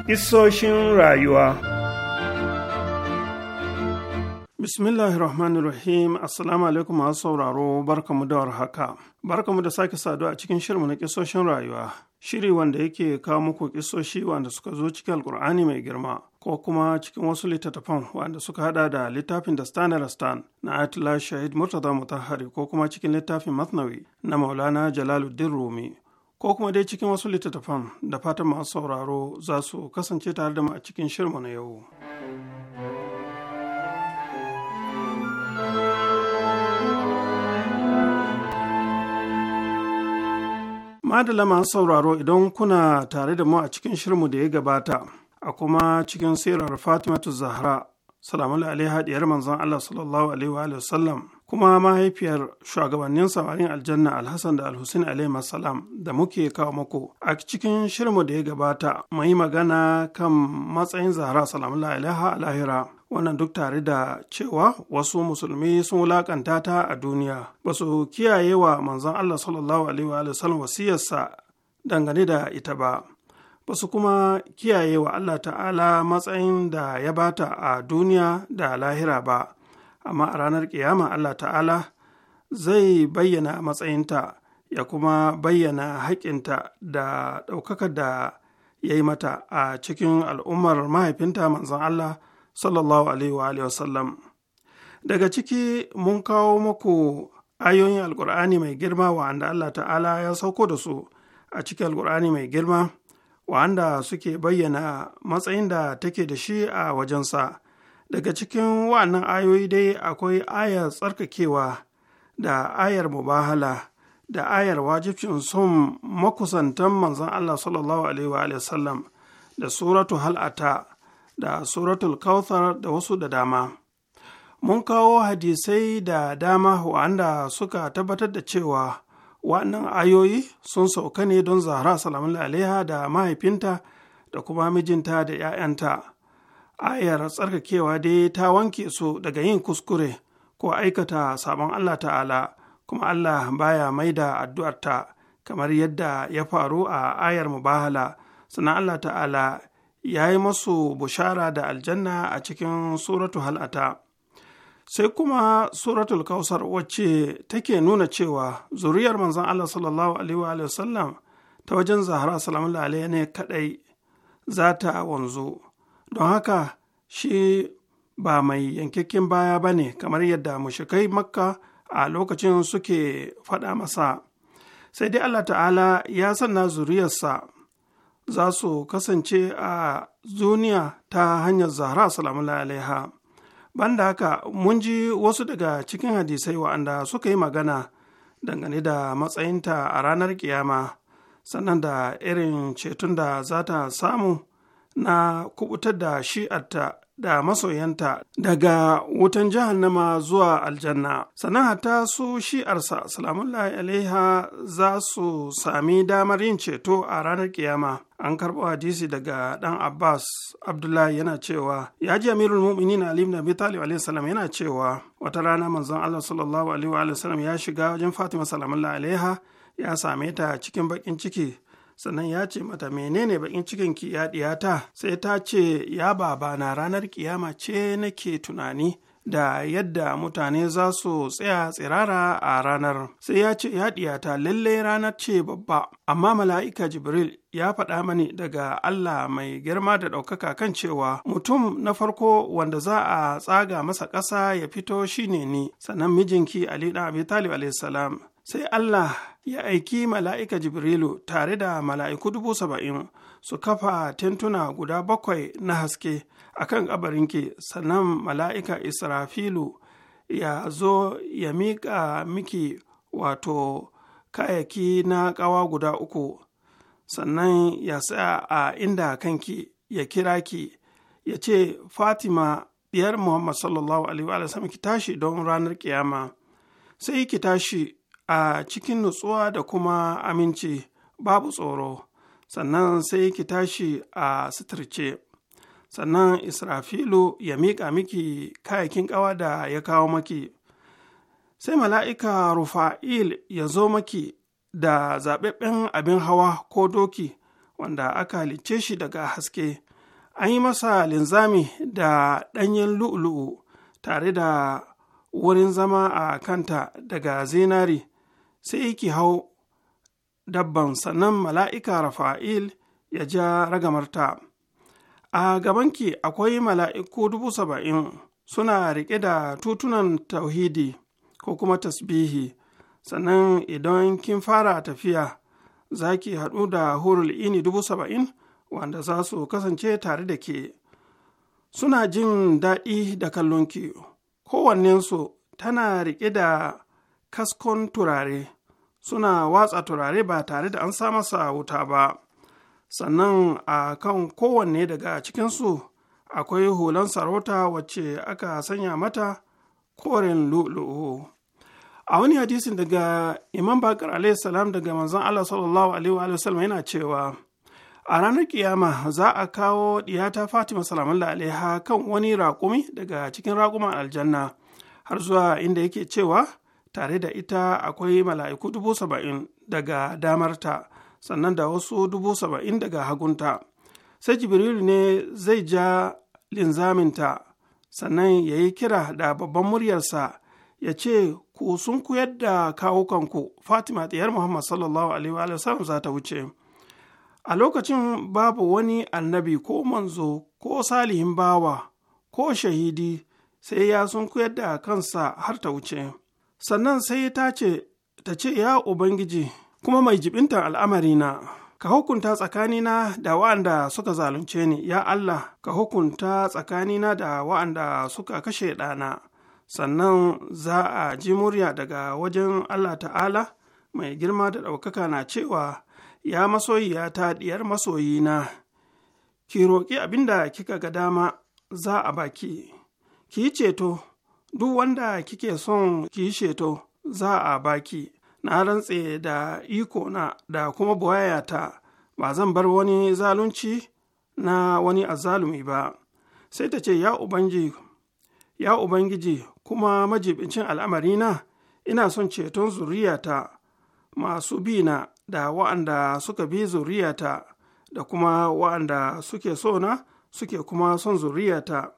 Isoshin rayuwa Bismillahirrahmanirrahim Rahmanir Assalamu alaikum masu sauraro barkamu da warhaka. Barkamu da sake saduwa a cikin shirmu na kisoshin rayuwa, shiri wanda yake kawo muku kisoshi wanda suka zo cikin Alkur'ani mai girma. ko kuma cikin wasu littattafan wanda suka hada da littafin da stan stan na atila shahid murtaza mutahari ko kuma cikin littafin masnawi na maulana jalaluddin rumi ko kuma dai cikin wasu littattafan da fatan masu sauraro za su kasance tare da mu a cikin shirmu na yau. Madala masu sauraro idan kuna tare da mu a cikin shirmu da ya gabata a kuma cikin sirar Fatimatu Zahra, salamu alaiha diyar manzon Allah sallallahu alaihi wa sallam kuma mahaifiyar shugabannin samarin aljanna alhassan da alhussein alaihi salam da muke kawo muku a cikin shirmu da ya gabata mai magana kan matsayin zahra salamullah alaiha lahira wannan duk tare da cewa wasu musulmi sun wulakanta ta a duniya ba su kiyaye wa manzon allah sallallahu alaihi wa sallam wasiyarsa dangane da ita ba ba su kuma kiyaye wa allah ta'ala matsayin da ya bata a duniya da lahira ba amma a ranar ƙiyama Allah ta'ala zai bayyana matsayinta ya kuma bayyana haƙƙinta da ɗaukaka da ya yi mata a cikin al'ummar mahaifinta manzon Allah sallallahu alaihi wa Daga ciki mun kawo muku ayoyin alkur'ani mai girma wa'anda Allah ta'ala ya sauko da su a cikin alkur'ani mai girma wa'anda suke bayyana matsayin da take da shi a wajensa daga cikin wannan ayoyi dai akwai ayar tsarkakewa da ayar mubahala da ayar wajibcin sun makusantan manzon Allah sallallahu alaihi wa da suratu hal'ata da suratul kauthar da wasu da dama mun kawo hadisai da dama wanda suka tabbatar da cewa waɗannan ayoyi sun sauka ne don zahra salamun alaiha da mahaifinta da kuma mijinta da 'ya'yanta ayar tsarkakewa dai ta wanke su daga yin kuskure ko aikata sabon Allah ta'ala kuma Allah baya mai maida addu'arta kamar yadda ya faru a ayar mubahala sannan Allah ta'ala ya yi masu bushara da aljanna a cikin suratu hal'ata sai kuma suratul kausar wacce take nuna cewa zuriyar manzon Allah sallallahu alaihi wa ta wajen zahara salamu ne kadai za ta wanzu don haka shi ba mai yankakken baya ba ne kamar yadda mushikai makka a lokacin suke faɗa masa sai dai allah ta'ala ya sanna zuriyarsa za su kasance a duniya ta hanyar zahra salamu alaiha banda haka mun ji wasu daga cikin hadisai wa'anda suka yi magana dangane da matsayinta a ranar kiyama sannan da irin ceton da za ta samu na kubutar da shi'arta da masoyanta daga wutan jahannama zuwa aljanna sannan Hata su shi'arsa salamullahi alaiha za su sami damar yin ceto a ranar kiyama an karɓo hadisi daga ɗan abbas abdullahi yana cewa ya ji amirul mu'minin ali ibn abi talib alaihi salam yana cewa wata rana manzon allah sallallahu alaihi wa sallam ya shiga wajen fatima salamullahi alaiha ya same ta cikin baƙin ciki sannan ya ce mata menene bakin cikin ki ya diyata sai ta ce ya baba na ranar kiyama ce nake tunani da yadda mutane za su tsaya tsirara a ranar sai ya ce ya diyata lalle ranar ce babba amma mala'ika jibril ya faɗa mani daga Allah mai girma da ɗaukaka kan cewa mutum na farko wanda za a tsaga masa ƙasa ya fito shine ni sannan mijinki Ali ɗan Abi Talib sai Allah ya aiki mala'ika Jibrilu tare da mala'iku dubu saba'in su kafa tentuna guda bakwai na haske a kan ƙabarinki sannan mala'ika Israfilu ya zo ya miƙa miki wato kayaki na ƙawa guda uku sannan ya tsaya a inda kanki ya kira ki ya ce Fatima diyar Muhammad sallallahu alaihi wa ki tashi don ranar ƙiyama.' sai ki tashi a cikin nutsuwa da kuma aminci babu tsoro sannan sai ki tashi a suturce sannan israfilu ya miƙa miki kayakin ƙawa da ya kawo maki sai mala'ika rufa'il ya zo maki da zaɓaɓɓen abin hawa ko doki wanda aka halicce shi daga haske an yi masa linzami da ɗanyen lu'ulu'u tare da wurin zama a kanta daga zinari sai ki hau dabban sannan mala'ika rafa'il ya ja ragamarta a gabanki akwai mala'iku dubu saba'in suna riƙe da tutunan tauhidi ko kuma tasbihi sannan idan kin fara tafiya za ki haɗu da hurul ini dubu saba'in wanda za su kasance tare da ke suna jin daɗi da kallonki kowannensu tana riƙe da kaskon turare suna watsa turare ba tare da an sa masa wuta ba sannan a kan kowanne daga cikinsu akwai hulan sarauta wacce aka sanya mata koren lu'lu'u a wani hadisin daga imam bakar salam daga manzon allah sallallahu alaihi wa sallam yana cewa a ranar kiyama za a kawo diyata fatima salamun alaiha kan wani raƙumi daga cikin raƙuman aljanna har zuwa inda yake cewa tare da ita akwai mala'iku dubu saba'in daga damarta sannan da wasu dubu saba'in daga hagunta sai Jibril ne zai ja linzaminta sannan ya yi kira da babban muryarsa ya ce ku sun koyar da kawukanku fatima ɗiyar muhammad sallallahu alaihi wa sallam za ta wuce a lokacin babu wani annabi ko manzo ko salihin bawa ko shahidi sai ya sun koyar da kansa har ta wuce sannan sai ta ce ta ce ya ubangiji kuma mai jibintan al'amarina ka hukunta tsakanina da wa'anda suka zalunce ni ya allah ka hukunta tsakanina da wa'anda suka kashe ɗana sannan za a ji murya daga wajen allah ta'ala mai girma da ɗaukaka na cewa ya ya ta ɗiyar masoyina ki roƙi abin da kika ga dama za a baki ki yi ceto duk wanda kike son ki sheto za a baki na rantse da iko na da kuma buwayata ba zan bar wani zalunci na wani azalumi ba sai ta ce ya ubangi ya ubangiji kuma majibincin al'amarina ina son ceton zuriyata masu bi na da wa'anda suka bi zuriyata da kuma wa'anda suke so na suke kuma son zuriyata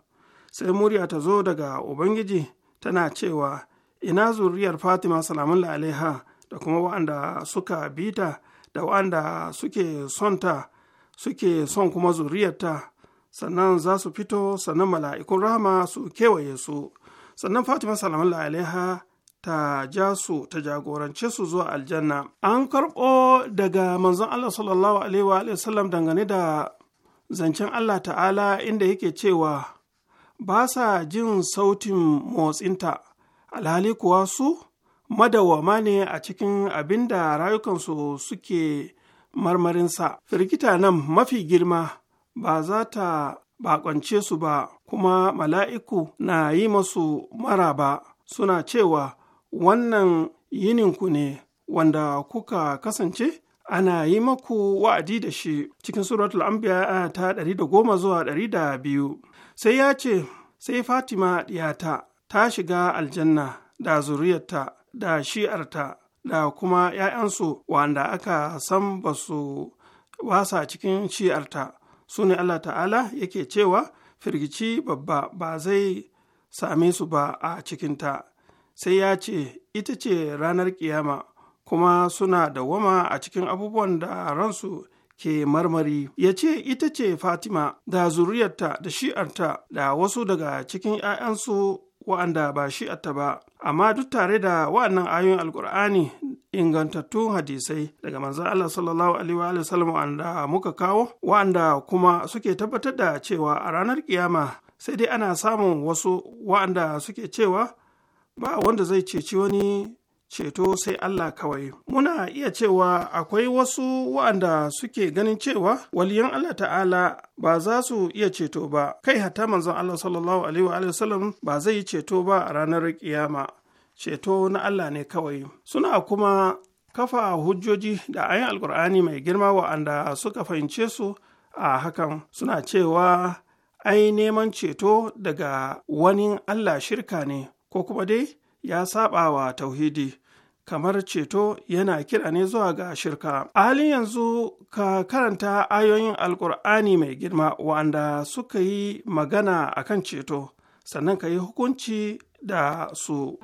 sai murya ta zo daga ubangiji tana cewa ina zuriyar fatima salamun alaiha da kuma wa'anda suka bita da wa'anda suke ta suke son kuma zuriyarta sannan za su fito sannan mala'ikun rahama su kewaye su sannan fatima salamun alaiha ta ja su ta jagorance su zuwa aljanna an karɓo daga manzon allah sallallahu alaihi wa sallam dangane da zancen allah ta'ala inda yake cewa ba sa jin sautin motsinta alhali kuwa su madawama ne a cikin abin da rayukansu suke marmarinsa firgita nan mafi girma ba za ta baƙwance su ba kuma mala'iku na yi masu mara ba suna cewa wannan yininku ne wanda kuka kasance ana yi maku wa'adi da shi cikin suratul anbiya ta ɗari da goma zuwa ɗari da biyu sai ya ce sai fatima ɗiyata ta shiga aljanna da zuriyarta da shi'arta da kuma ‘ya'yansu wanda aka san ba su wasa cikin shi'arta su ne Allah ta'ala yake cewa firgici babba ba zai same su ba a cikinta sai ya ce ita ce ranar kiyama kuma suna dawwama a cikin abubuwan da ransu ke marmari ya ce ita ce fatima da zuriyarta da shi'arta da wasu daga cikin 'ya'yansu wa'anda ba shi'arta ba amma duk tare da wa'annan ayoyin alkur'ani ingantattun hadisai daga manzan Allah sallallahu alaihi wa sallam wa'anda muka kawo wa'anda kuma suke tabbatar da cewa a ranar kiyama sai dai ana samun wasu wa'anda suke cewa ba wanda zai ceci wani ceto sai Allah kawai. Muna iya cewa akwai wasu wa'anda suke ganin cewa waliyan Allah ta'ala ba za su iya ceto ba, kai hatta manzon Allah sallallahu Alaihi wasallam ba zai yi ceto ba a ranar kiyama. Ceto na Allah ne kawai. Suna kuma kafa hujjoji da ayin alkur'ani mai girma wa'anda suka fahimce su a hakan suna cewa ai neman ceto daga wani Allah shirka ne ko kuma dai ya saba wa tauhidi kamar ceto yana kira ne zuwa ga shirka a halin yanzu ka karanta ayoyin alkur'ani mai girma wanda suka yi magana a kan ceto sannan ka yi hukunci da su.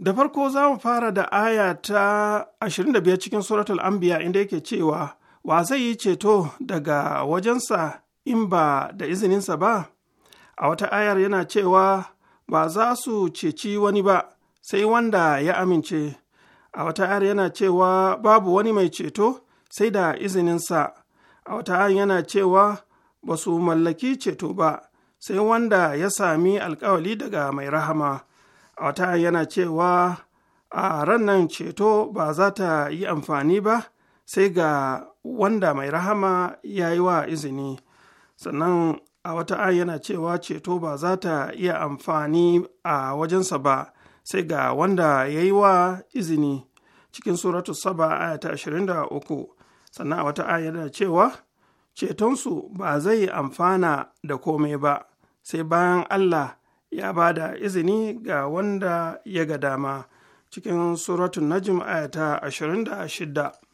Da farko za mu fara da aya ta 25 cikin suratul anbiya inda yake cewa wa zai yi ceto daga wajensa in ba da izininsa ba a wata ayar yana cewa ba za su ceci wani ba sai wanda ya amince a wata ayar yana cewa babu wani mai ceto sai da izininsa a wata ayar yana cewa ba su mallaki ceto ba sai wanda ya sami alkawali daga mai rahama a wata ayar yana cewa a ran nan ceto ba za ta yi amfani ba sai ga wanda mai rahama ya yi wa izini sannan a wata an yana cewa ceto ba za ta iya amfani a wajensa ba sai ga wanda ya yi wa izini cikin suratu saba aya ta 23 sannan a wata an yana cewa cetonsu ba zai amfana da komai ba sai bayan allah ya ba da izini ga wanda ya ga dama cikin suratun najim aya ta 26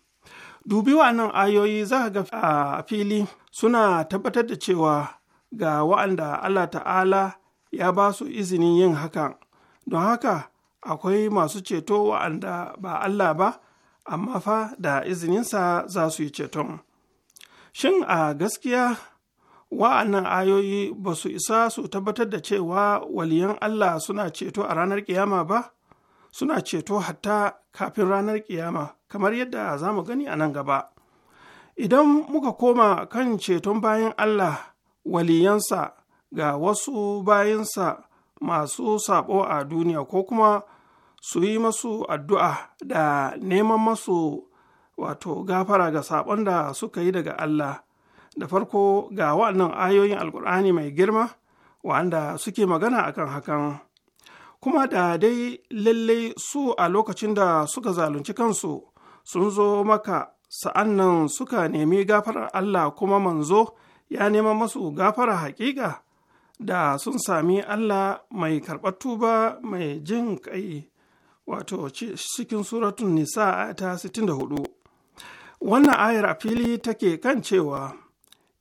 dubi wa'annan ayoyi za ga a fili suna tabbatar da cewa ga wa'anda Allah ta'ala ya ba su izinin yin hakan don haka akwai masu ceto wa'anda ba Allah ba amma fa da izininsa za su yi ceton shin a gaskiya wa'annan ayoyi ba su isa su tabbatar da cewa waliyan Allah suna ceto a ranar kiyama ba suna ceto hatta kafin ranar kiyama kamar yadda za mu gani a nan gaba idan muka koma kan ceton bayan allah waliyansa ga wasu bayansa masu sabo a duniya ko kuma su yi masu addu'a da neman masu wato gafara ga sabon da suka yi daga allah da farko ga waɗannan ayoyin alkur'ani mai girma wa'anda suke magana akan hakan kuma da dai lallai su a lokacin da suka zalunci kansu sun zo maka sa'an nan suka nemi gafarar Allah kuma manzo ya nema masu gafara haƙiƙa da sun sami Allah mai karɓar tuba mai jin ƙai wato cikin suratun nisa ta 64 wannan ayar a fili take kan cewa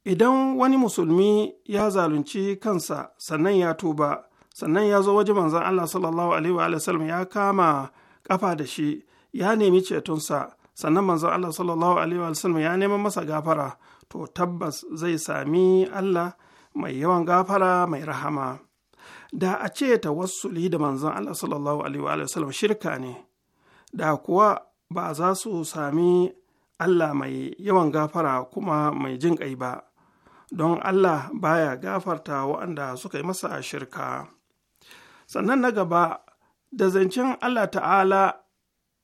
idan wani musulmi ya zalunci kansa sannan ya tuba sannan ya zo waje manzan Allah sallallahu alaihi wa sallam ya kama kafa da shi ya nemi cetonsa sannan manzan Allah sallallahu alaihi wa sallam ya neman masa gafara to tabbas zai sami Allah mai yawan gafara mai rahama da a ce tawassuli da manzan Allah sallallahu alaihi wa sallam shirka ne da kuwa ba za su sami Allah mai yawan gafara kuma mai jin ba don Allah baya gafarta waɗanda suka yi masa shirka. sannan na gaba da zancen allah ta'ala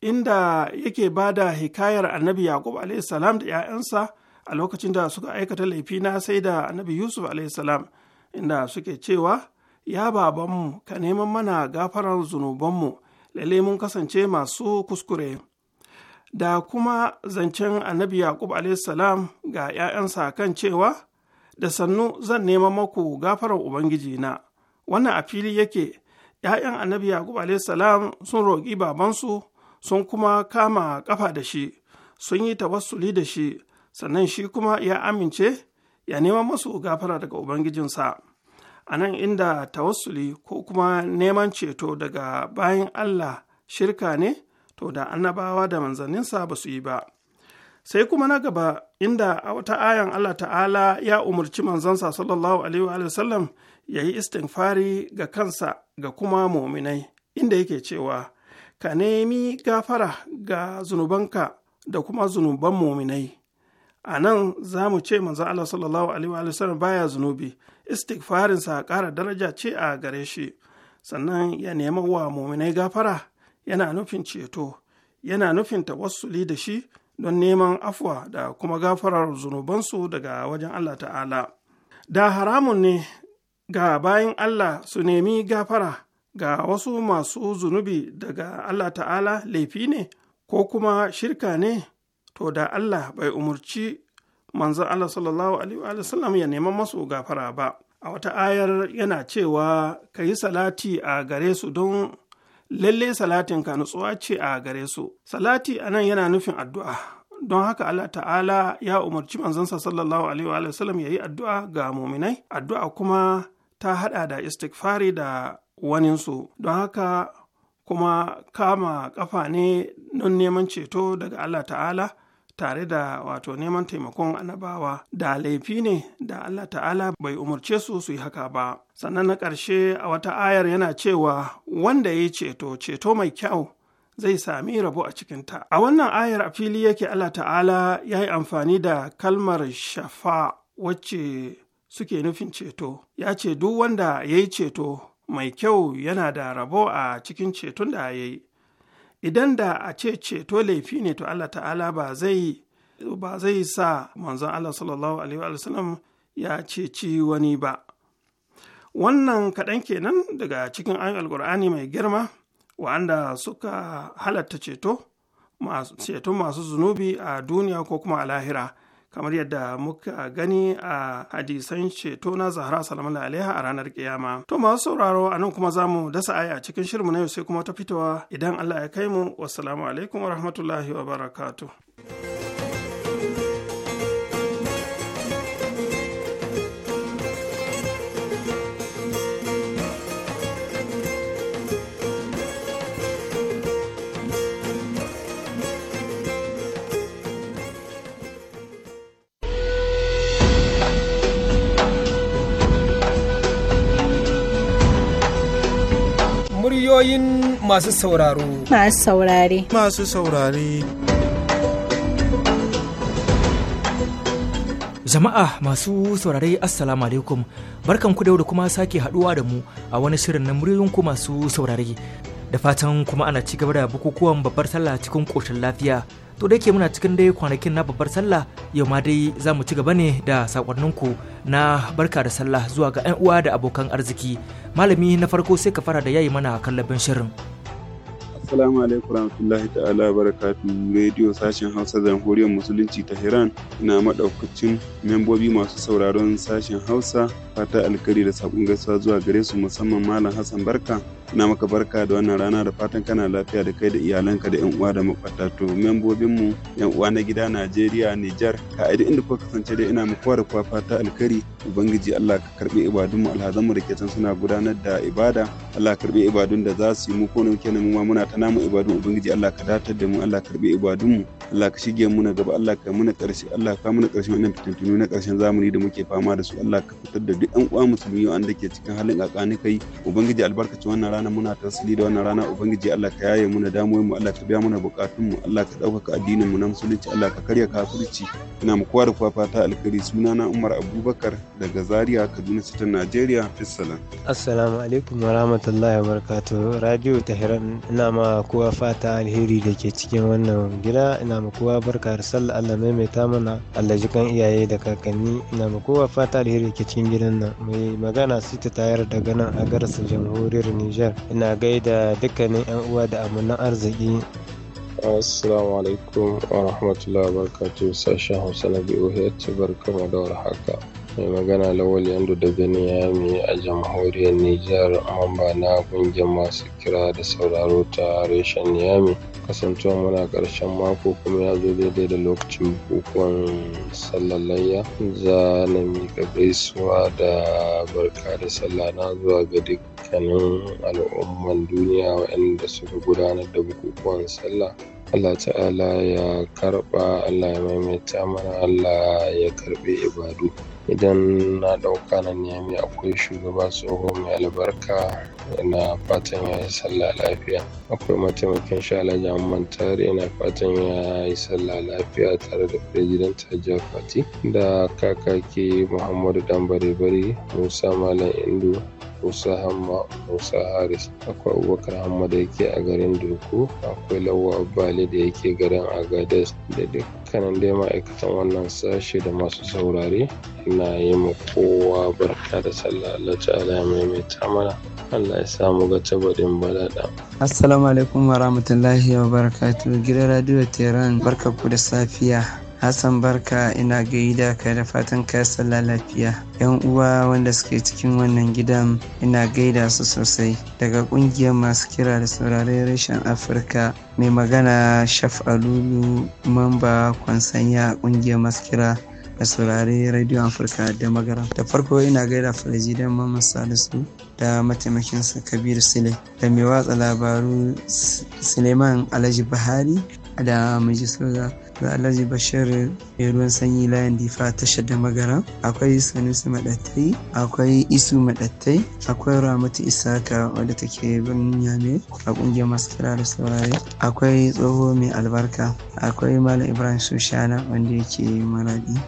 inda yake ba da hikayar annabi yaqub salam da 'ya'yansa a lokacin da suka aikata laifi na sai da annabi yusuf salam inda suke cewa ya babanmu ka neman mana gafarar zunubanmu lalle mun kasance masu kuskure da kuma zancen annabi yaqub salam ga 'ya'yansa kan cewa da sannu zan neman maku gafarar ubangiji na wannan a fili yake ‘ya'yan annabi Yaƙub salam sun roƙi babansu sun kuma kama ƙafa da shi, sun yi tawassuli da shi, sannan shi kuma ya amince ya neman masu gafara daga Ubangijinsa. A nan inda tawassuli ko kuma neman ceto daga bayan Allah shirka ne, to da annabawa da manzanninsa ba su yi ba. Sai kuma na gaba inda a wata ayan Allah ta'ala ya umarci manzansa sallallahu alaihi wa sallam ya yi istinfari ga kansa ga kuma muminai inda yake cewa ka nemi gafara ga zunubanka da kuma zunuban muminai a nan za mu ce manzo Allah sallallahu alaihi wa sallam baya zunubi istighfarinsa ƙara daraja ce a gare shi sannan ya nema wa muminai gafara yana nufin ceto yana nufin tawassuli da shi don neman afuwa da kuma gafarar zunubansu daga wajen Allah ta'ala da haramun ne ga bayan Allah su nemi gafara ga wasu masu zunubi daga Allah ta'ala laifi ne ko kuma shirka ne to da Allah bai umarci manzan Allah sallallahu alaihi wasallam ya neman masu gafara ba a wata ayar yana cewa ka yi salati a gare su don lalle salatin ka nutsuwa ce a gare su salati a nan yana nufin addu'a don haka Allah ta'ala ya umarci manzansa sallallahu alaihi wa sallam ya yi addu'a ga muminai addu'a kuma ta haɗa da istighfari da waninsu don haka kuma kama ƙafa ne don neman ceto daga Allah ta'ala tare da wato neman taimakon annabawa da laifi ne da Allah ta'ala bai umarce su su yi haka ba sannan na ƙarshe a wata ayar yana cewa wanda ya yi ceto ceto mai kyau zai sami rabo a cikinta a wannan ayar a fili yake Allah ta'ala ya yi amfani da kalmar shafa wacce suke nufin ceto ya ce duk wanda ya yi ceto mai kyau yana da rabo a cikin ceton da ya yi idan da a ce ceto laifi ne to allah ta'ala ba zai ba zai sa manzon allah sallallahu alaihi wasallam ya ceci wani ba wannan kaɗan kenan daga cikin ayin alkur'ani mai girma wa'anda suka halatta ceto ceton masu zunubi a duniya ko kuma a lahira kamar yadda muka gani a hadisan ceto na zahra salamun alaiha a ranar kiyama to masu sauraro a nan kuma za mu dasa aya a cikin shirmu na yau sai kuma ta fitowa idan allah ya kai mu wassalamu alaikum wa rahmatullahi wa barakatuh muryoyin masu sauraro. Masu saurare. Masu saurare. Jama'a masu saurare Assalamu alaikum barkanku da da kuma sake haduwa da mu a wani shirin na ku masu saurare da fatan kuma ana ci gaba da bukukuwan babbar sallah cikin ƙoshin lafiya. to da yake muna cikin dai kwanakin na babbar sallah yau ma dai za mu ci gaba ne da sakonninku na barka da sallah zuwa ga 'yan uwa da abokan arziki malami na farko sai ka fara da yayi mana kallabin shirin Assalamu alaikum warahmatullahi ta'ala barakatu Radio sashen Hausa Jamhuriyar Musulunci ta Iran ina madaukacin membobi masu sauraron sashen Hausa fata alkari da sabon gaisuwa zuwa gare su musamman Malam Hassan Barka ina maka barka da wannan rana da fatan kana lafiya da kai da iyalanka da yan uwa da makwabta to membobin mu yan uwa na gida Najeriya Niger ka aidi inda kuka kasance dai ina muku da kuwa fata alkari ubangiji Allah ka karbi ibadun mu da ke can suna gudanar da ibada Allah ka karbi ibadun da za su yi mu ko ne kenan mu ma muna namu ibadun ubangiji Allah ka datar da mu Allah karbe ibadun mu Allah ka shige mu na gaba Allah ka muna karshe Allah ka muna karshen wannan fitintunu na karshen zamani da muke fama da su Allah ka fitar da duk ɗan uwa musulmi wanda ke cikin halin kakani kai ubangiji albarkaci wannan rana muna tasiri da wannan rana ubangiji Allah ka yaye muna damuwar mu Allah ka biya muna bukatun mu Allah ka ka addinin mu na musulunci Allah ka karya kafirci ina mu kowa da kowa fata alkhairi sunana Umar Abubakar daga Zaria Kaduna City Najeriya Assalamu alaikum wa rahmatullahi wa barakatuh radio tahiran ina ma kowa fata alheri da ke cikin wannan gida ina ma kowa barka da sallah Allah maimaita mana Allah iyaye da kakanni ina ma kowa fata alheri da ke cikin gidan nan mai magana su ta tayar daga nan a garsa jamhuriyar Nijar ina gaida dukkanin yan uwa da amanan arziki Assalamu alaikum wa rahmatullahi wa barakatuh sashen Hausa na BOH barkamu da warhaka. haka. Mai magana Lawal Yando daga Niyami a jamhuriyar Nijar mamba na kungiyar masu kira da sauraro ta reshen Niyami. Kasancewa muna karshen mako kuma ya zo daidai da lokacin bukukuwan sallalayya. Za na miƙa gaisuwa da barka da sallah na zuwa ga dukkanin al'umman duniya waɗanda suka gudanar da bukukuwan sallah. Allah ta'ala ya karɓa, Allah ya maimaita mana, Allah ya karɓi ibadu. idan na ɗauka na niyami akwai shugaba tsoho mai albarka yana fatan ya yi sallah lafiya akwai mataimakin sha alhaji amman tare yana fatan ya yi sallah lafiya tare da firajidan tajiyar fati da kakaki muhammadu dan bare musa malam indu Musa Hamma Musa Haris akwai Abubakar Hamma da yake a garin Durku akwai lawa Bali da yake garin Agades da dukkanin dai ma'aikatan wannan sashe da masu saurare Allah ya mu kowa barka da sallah Allah ta'ala ya maimaita mana Allah ya samu ga tabadin balada. Assalamu alaikum wa rahmatullahi wa barakatuh gidan radio Tehran barka ku da safiya. Hassan barka ina gaida ka da fatan ka sallah lafiya. Yan uwa wanda suke cikin wannan gidan ina gaida su sosai daga kungiyar masu kira da saurare rashin Afirka mai magana Shaf Alulu mamba kwansanya kungiyar masu kira da saurari radio afirka da magara da farko ina gaida firajidan mamman salisu da mataimakinsa kabiru sule da mai watsa labaru suleiman alhaji bahari da mai soja da alhaji bashir mai ruwan sanyi layan difa tashar da magara akwai sanusi madattai akwai isu madattai akwai ramatu isaka wadda take birnin yame a kungiyar masu kira da saurari. akwai tsoho mai albarka akwai malam ibrahim sushana wanda yake maradi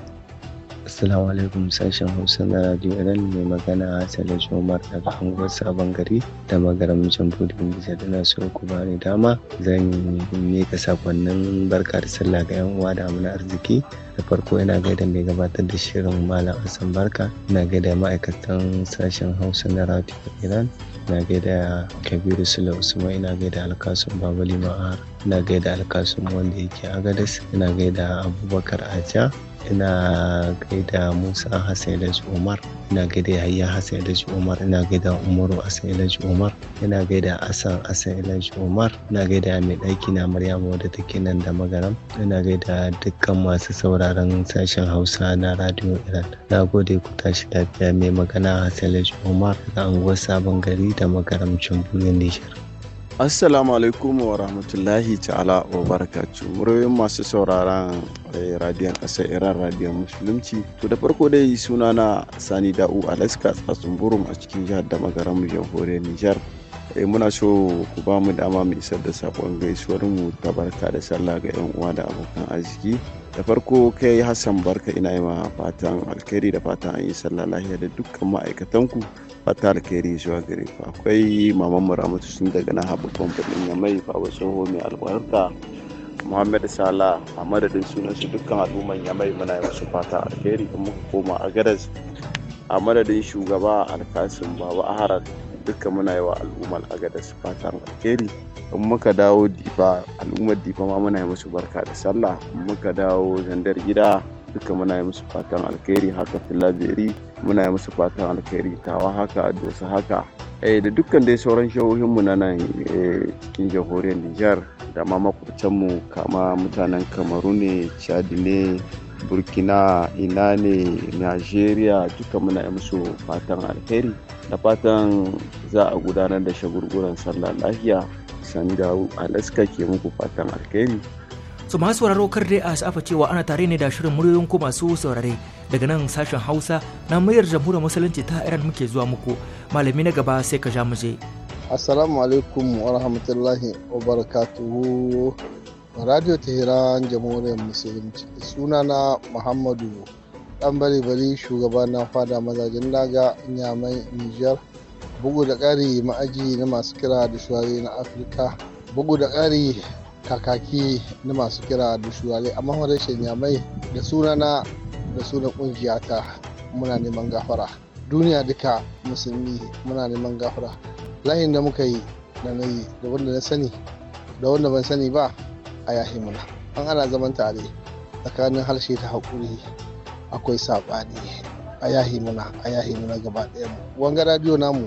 Assalamu alaikum sashen Hausa na Radio Iran mai magana Hassan Umar daga Angon Sabon Gari da magaram Jamhuriyar Nijar ina so ku ni dama zan yi miƙa sakonnin barka da sallah ga 'yan uwa da amina arziki da farko yana gaida mai gabatar da shirin Malam Hassan Barka ina gaida ma'aikatan sashen Hausa na Radio Iran ina gaida Kabiru Sula Usman ina gaida Alkasun Babali Ma'ar ina gaida Alkasun wanda yake Agadas ina gaida Abubakar Aja ina gaida musa hassan laji umar ina gaida yahaya hassan laji umar ina gaida umaru hassan laji umar ina gaida asan hassan laji umar ina gaida mai ɗaki na maryamu wadda take nan da magaram ina gaida dukkan masu sauraron sashen hausa na radio iran na gode ku tashi lafiya mai magana hassan laji umar daga unguwar sabon gari da magaramcin burin nijar Assalamu alaikum wa rahmatullahi ta'ala wa barakatu. Muryoyin masu sauraron eh, radiyon ƙasar Iran radiyon Musulunci. To da farko dai sunana Sani Da'u Alaska a burum a cikin jihar da magaran jamhuriyar Nijar. Eh, muna so ku ba mu dama mu isar da sakon gaisuwar mu ta barka da sallah ga yan uwa da abokan arziki da farko kai hassan barka ina yi ma fatan alkhairi da fatan an yi sallah lahiya da dukkan ma'aikatanku fata alkhairi zuwa gare ku akwai maman muramatu sun daga na haɓu ɗin ya mai fa tsoho mai albarka muhammad sala a madadin sunansu dukkan al'umman ya mai muna yi masu fata alkhairi in muka koma a gadas a madadin shugaba alkasin a harar duka muna yi wa al'ummar su fatan alheri in muka dawo difa al'ummar difa ma muna yi musu barka da sallah muka dawo zandar gida duka muna yi musu fatan alkhairi haka filabiri muna yi musu fatan alkhairi tawa haka dosa haka eh, da dukkan dai sauran mu na nan eh, cikin jamhuriyar nijar da ma mu kama mutanen kamaru ne Chad ne burkina ina ne nigeria duka muna yi musu fatan alheri da fatan za a gudanar da shagurguran sallah lafiya sandawu alaska ke muku fatan alheri su masu sauraro kar dai a safa cewa ana tare ne da shirin muryoyin ku masu saurare daga nan sashen hausa na mayar jamhuriyar musulunci ta iran muke zuwa muku malami na gaba sai ka ja mu je alaikum wa rahmatullahi wa barakatuhu radio tehran jamhuriyar musulunci sunana muhammadu dan bari bari shugaba na fada mazajen daga nyamai niger bugu da ƙari ma'aji na masu kira da shuwari na afirka bugu da ƙari kakaki na masu kira da shuwari a mahaurashin nyamai da sunana da sunan ƙungiyata muna neman gafara duniya duka musulmi muna neman gafara layin da muka yi da na yi da wanda na sani da wanda ban sani ba a yahi muna an ana zaman tare tsakanin harshe ta haƙuri akwai saɓani a yahi muna a yahi muna gaba ɗaya mu wanga radio namu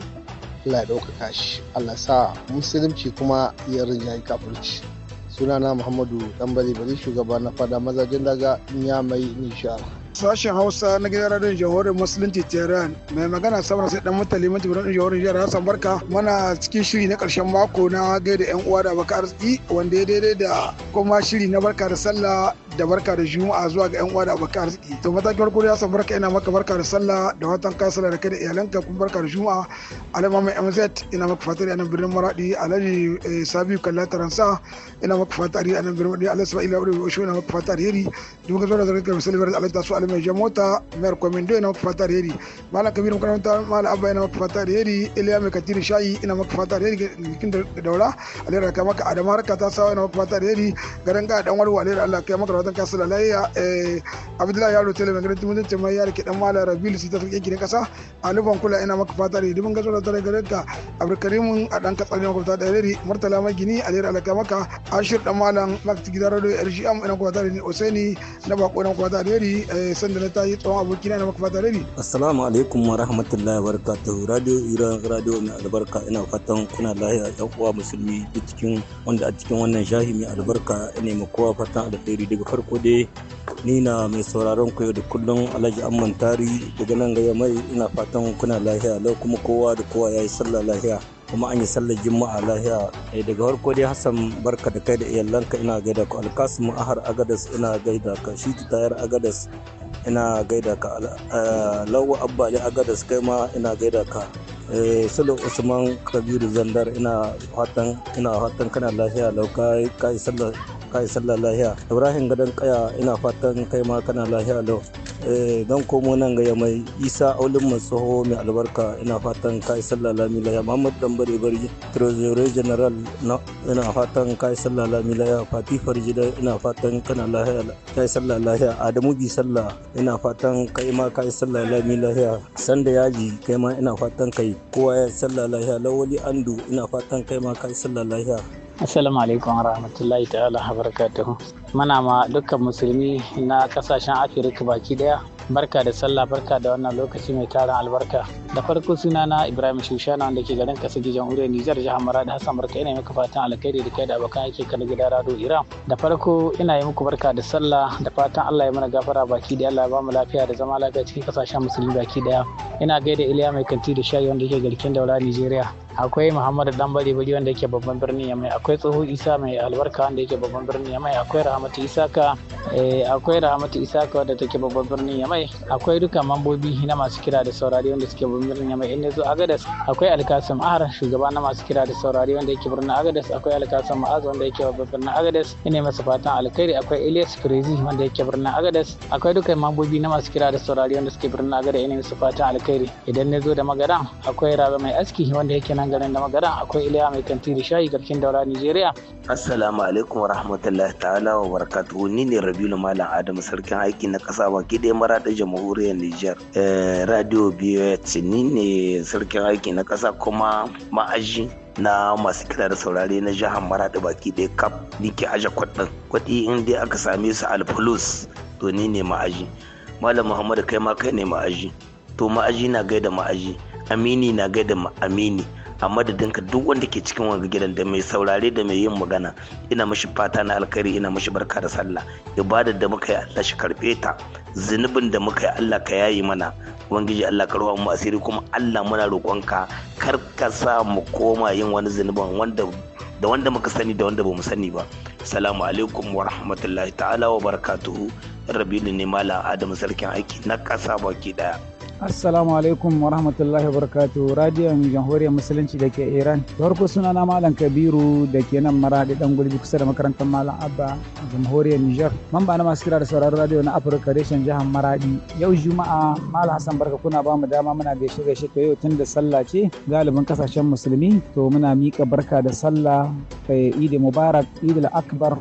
Allah ya ɗaukaka shi Allah sa musulunci kuma ya yi kafirci sunana Muhammadu Ɗanbali Bari shugaba na fada mazajen daga mai Nishar. Sashen Hausa na gidan radiyon jamhuriyar Musulunci Tehran mai magana sabar sai dan mutali mutum radiyon jamhuriyar jihar Hassan Barka mana cikin shiri na karshen mako na gaida yan uwa da abokan arziki wanda ya daidai da kuma shiri na barka da sallah da barka da juma'a zuwa ga yan uwa da abokan arziki. To matakin farko da hassan barka ina maka barka da sallah da watan da kai da iyalanka kuma barka da juma'a MZ ina maka birnin birnin Maradi Alhaji eh, Sabiu Kalla Taransa ina maka birnin birnin Maradi Alhaji Sabiu Kalla Taransa ina maka birnin birnin Maradi Alhaji Sabiu Kalla Taransa ina maka birnin birnin Maradi Alhaji Sabiu Kalla Taransa ina maka birnin birnin Maradi malam mai jamota mayar kwamindo ina maka fatar yari malam kabiru makaranta malam abba ina maka fatar yari iliya mai katiri shayi ina maka fatar yari gikin da daura alera kai maka adama harka ta sawa ina maka fatar yari garin ga dan warwa alera allah kai maka rawatan kasu lalaya eh, abdullahi yaro tele mai garin tumutun ce mai yari ke dan malam rabilu su ta fi yankin kasa alufan kula ina maka fatar yari dimin gaso da tare garin ta abdulkarimun a dan ne maka fatar yari murtala mai gini alera allah kai maka ashir dan malam maka gidan rado rgm ina maka fatar yari oseni na bako ina maka fatar yari da na tashi tsawon aboki na maka fata rabi assalamu alaikum wa rahmatullahi wa barakatuhu radio iran radio mai albarka ina fatan kuna lahiya yan uwa musulmi a cikin wanda a cikin wannan shahi mai albarka ina ma kowa fatan alheri daga farko dai ni na mai sauraron ku yau da kullum alhaji amman tari daga nan gaya mai ina fatan kuna lahiya lau kuma kowa da kowa ya yi sallah lahiya kuma an yi sallar juma'a lahiya eh daga farko dai hassan barka da kai da iyalanka ina gaida ku alkasimu ahar agadas ina gaida ka shi tayar agadas ina gaida ka eh, lawa abba aga agadas kai ma ina gaida ka eh, sulu usman kabiru zandar ina fatan ina fatan kana lafiya lauka kai kai sallah lahiya ibrahim gadon kaya ina fatan kai ma kana lahiya lau eh, don komo nan ga mai isa aulin matsoho mai albarka ina fatan kai sallah lami lahiya muhammad dambare bari trezore general na ina fatan kai sallah lami lahiya fati farjida ina fatan kana lahiya kai sallah lahiya adamu bi sallah ina fatan kai ma kai sallah lami lahiya sanda yaji kai ma ina fatan kai kowa ya sallah lahiya lawali andu ina fatan kai ma kai sallah lahiya السلام عليكم ورحمة الله تعالى وبركاته mana ma dukkan musulmi na kasashen afirka baki daya barka da sallah barka da wannan lokaci mai taron albarka da farko suna na ibrahim shushana wanda ke garin kasa gijan uriyar nijar jihar maradi hassan barka ina maka fatan alkhairi da kai da abokan ake kan gida rado iran da farko ina yi muku barka da sallah da fatan allah ya mana gafara baki da allah ya bamu lafiya da zama lafiya cikin kasashen musulmi baki daya ina gaida iliya mai kanti da shayi wanda yake garkin daura nigeria akwai muhammadu dan bari wanda yake babban birnin yamai akwai tsoho isa mai albarka wanda yake babban birnin yamai akwai rahama Rahmatu Isaka eh, akwai Rahmatu Isaka wadda take babban birnin Yamai akwai duka mambobi na masu kira da saurari wanda suke babban birnin Yamai in zo Agadas akwai Alkasim Ahar shugaba na masu kira da saurari wanda yake birnin Agadas akwai Alkasim Ma'az wanda yake babban birnin Agadas ina masa fatan alkhairi akwai Elias Firezi wanda yake birnin Agadas akwai duka mambobi na masu kira da saurari wanda suke birnin Agadas ina masa fatan alkhairi idan na zo da magaran akwai Rabe mai aski wanda yake nan garin da magaran akwai Iliya mai kantiri shayi garkin daura Nigeria assalamu alaikum wa rahmatullahi ta'ala wa wabarakatuhu ni ne Rabiul Malam Adamu sarkin aiki na kasa baki ɗaya da jamhuriyar Nijar. Eh, Radio BOH ni ne sarkin aiki na kasa kuma ma'aji na masu kira da saurare na jihar da baki ɗaya kap nike aje kwaɗin kwaɗi in dai aka same su alfulus to ni ne ma'aji malam muhammadu kai ma kai ne ma'aji to ma'aji na gaida ma'aji amini na gaida amini a ka duk wanda ke cikin wanga gidan da mai saurare da mai yin magana ina mashi fata na alkhairi ina mashi barka da sallah ibada da muka yi Allah shi karbe ta zunubin da muka yi Allah ka yayi mana ubangiji Allah ka ruwa mu asiri kuma Allah muna roƙonka kar ka sa mu koma yin wani zunubin wanda da wanda muka sani da wanda ba sani ba salamu alaikum wa rahmatullahi ta'ala wa barakatuhu rabbi ne malam adam sarkin aiki na kasa baki daya Assalamu alaikum wa rahmatullahi wa Radiyon Jamhuriyar Musulunci da ke Iran. Da farko suna na Malam Kabiru da ke nan Maradi dan gulbi kusa da makarantar Malam Abba a Jamhuriyar Nijar. Mamba na masu kira da sauraron radiyo na Afirka reshen jihar Maradi. Yau Juma'a Malam Hassan Barka kuna ba mu dama muna gaishe gaishe ta yau tun da sallah ce galibin kasashen musulmi to muna mika barka da sallah eh, Idi Mubarak Idi Akbar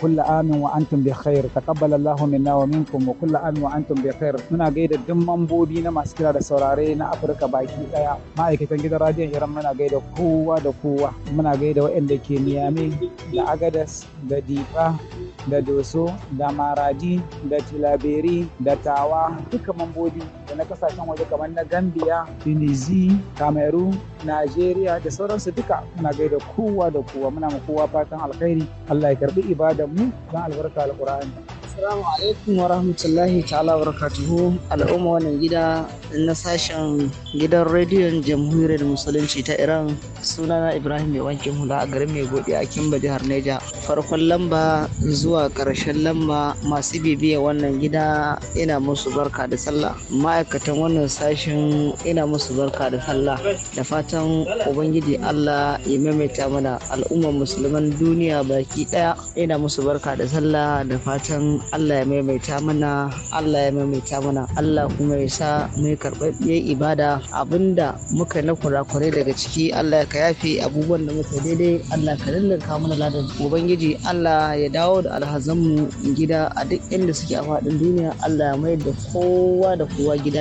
kulla eh, amin wa antum bi khair taqabbal min minna wa minkum wa kulla amin wa antum bi khair muna gaida duk mambo mambobi na masu kira da saurare na Afirka baki daya. Ma'aikatan gidan radiyon Iran muna gaida kowa da kowa. Muna gaida waɗanda ke niyami da Agadas da Difa da Doso da Maradi da Tilaberi da Tawa duka mambobi da na kasashen waje kamar na Gambia, Tunisia, Cameroon, Najeriya da sauransu duka muna gaida kowa da kowa muna ma kowa fatan alkhairi Allah ya karbi ibadar mu don albarka alkur'ani Assalamu alaikum wa rahmatullahi ta'ala wa rakatuhu al'umma wannan gida na sashen gidan rediyon jamhuriyar musulunci ta Iran sunana Ibrahim mai wankin hula a garin mai godi a Kimba jihar Neja farkon lamba zuwa karshen lamba masu bibiya wannan gida ina musu barka da sallah ma'aikatan wannan sashen ina musu barka da sallah da fatan ubangiji Allah ya maimaita mana al'ummar musulman duniya baki daya ina musu barka da sallah da fatan Allah ya maimaita mana Allah ya maimaita mana Allah kuma ya sa mai karɓaɓɓiyar ibada abinda muka na kurakurai daga ciki Allah ka yafi abubuwan da muka daidai Allah ka lallaka mana ladan ubangiji Allah ya dawo da alhazanmu gida a duk inda suke a faɗin duniya Allah ya mai da kowa da kowa gida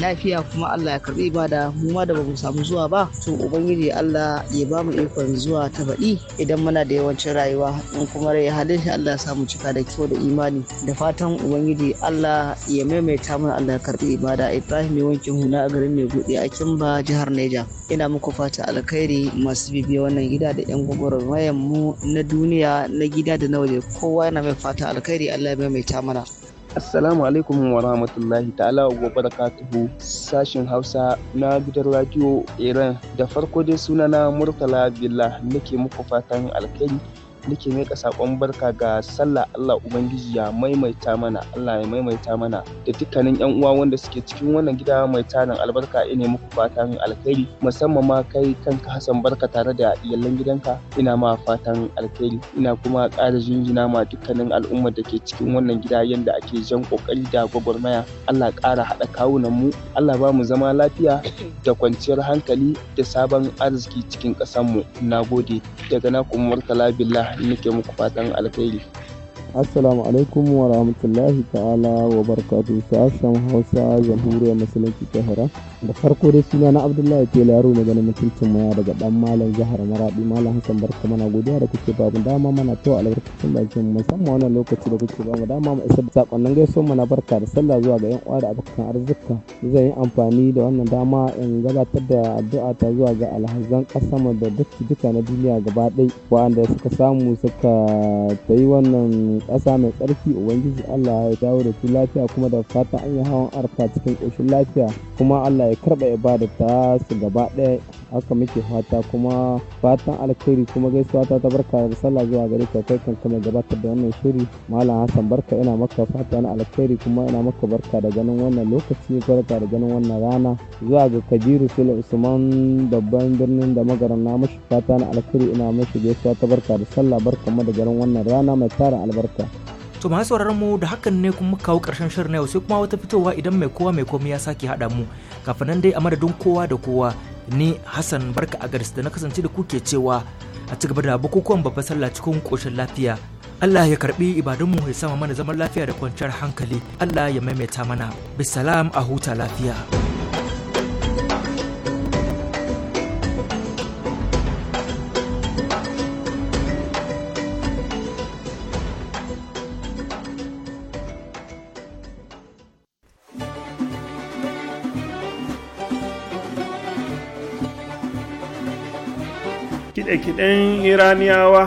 lafiya kuma Allah ya karɓi ibada mu ma da mu samu zuwa ba to ubangiji Allah ya ba mu ikon zuwa ta baɗi idan muna da yawancin rayuwa in kuma rai halin Allah ya samu cika da kyau da imani ne da fatan ubangiji allah ya maimaita mana allah karbi ibada ibrahim ya wanke huna a garin mai buɗe a kimba jihar neja ina muku fata alkhairi masu bibiya wannan gida da yan wayan mu na duniya na gida da na waje kowa yana mai fata alkhairi allah ya maimaita mana Assalamu alaikum wa rahmatullahi ta'ala wa barakatuhu sashin Hausa na gidan radio Iran da farko dai sunana Murtala Billah nake muku fatan alkhairi nake miƙa saƙon barka ga sallah Allah Ubangiji ya maimaita mana Allah ya maimaita mana da dukkanin yan uwa wanda suke cikin wannan gida mai tarin albarka ina muku fatan alkhairi musamman ma kai kanka Hassan barka tare da iyalan gidanka ina ma fatan alkhairi ina kuma ƙara jinjina ma dukkanin al'ummar da ke cikin wannan gida yanda ake jan kokari da gwagwarmaya Allah ƙara haɗa kawunan mu Allah ba mu zama lafiya da kwanciyar hankali da sabon arziki cikin ƙasar mu nagode daga na kuma Murtala Billah nake muku fatan alkhairi assalamu alaikum wa rahmatullahi ta'ala wa barakatu sashen hausa jamhuriyar musulunci ta hira da farko da suna na abdullahi ke yaro ne ganin mutuncin maya daga dan malam jihar maradi malam hassan barka mana godiya da kuke babu dama mana to albarkacin bakin musamman wannan lokaci da kuke bamu dama mu isa sakonnin gaiso mana barka da sallah zuwa ga yan uwa da abokan arzika zan yi amfani da wannan dama in gabatar da addu'a ta zuwa ga alhazan kasama da dukki duka na duniya gaba ɗaya wa'anda suka samu suka ta yi wannan ƙasa mai tsarki ubangiji allah ya dawo da su lafiya kuma da fatan an yi hawan arfa cikin ƙoshin lafiya kuma allah ya karɓa bada ta su gaba ɗaya haka muke fata kuma fatan alkhairi kuma gaisuwa ta tabarka da sallah zuwa gare ka kai kanka mai gabatar da wannan shiri malam hassan barka ina maka fata na alkhairi kuma ina maka barka da ganin wannan lokaci barka da ganin wannan rana zuwa ga kabiru sule usman babban birnin da magaran na mashi fata na alkhairi ina mashi gaisuwa ta barka da sallah barka da ganin wannan rana mai tara albarka ta to masu sauraron mu da hakan ne kuma kawo karshen shirin na yau sai kuma wata fitowa idan mai kowa mai komai ya sake haɗa mu kafin nan dai a madadin kowa da kowa ni Hassan Barka a garis da na kasance da ku ke cewa a ci gaba da bukukuwan babbar sallah cikin koshin lafiya Allah ya karbi ibadunmu ya sama mana zaman lafiya da kwanciyar hankali Allah ya maimaita mana bisalam a huta lafiya. kiɗe-kiɗen iraniyawa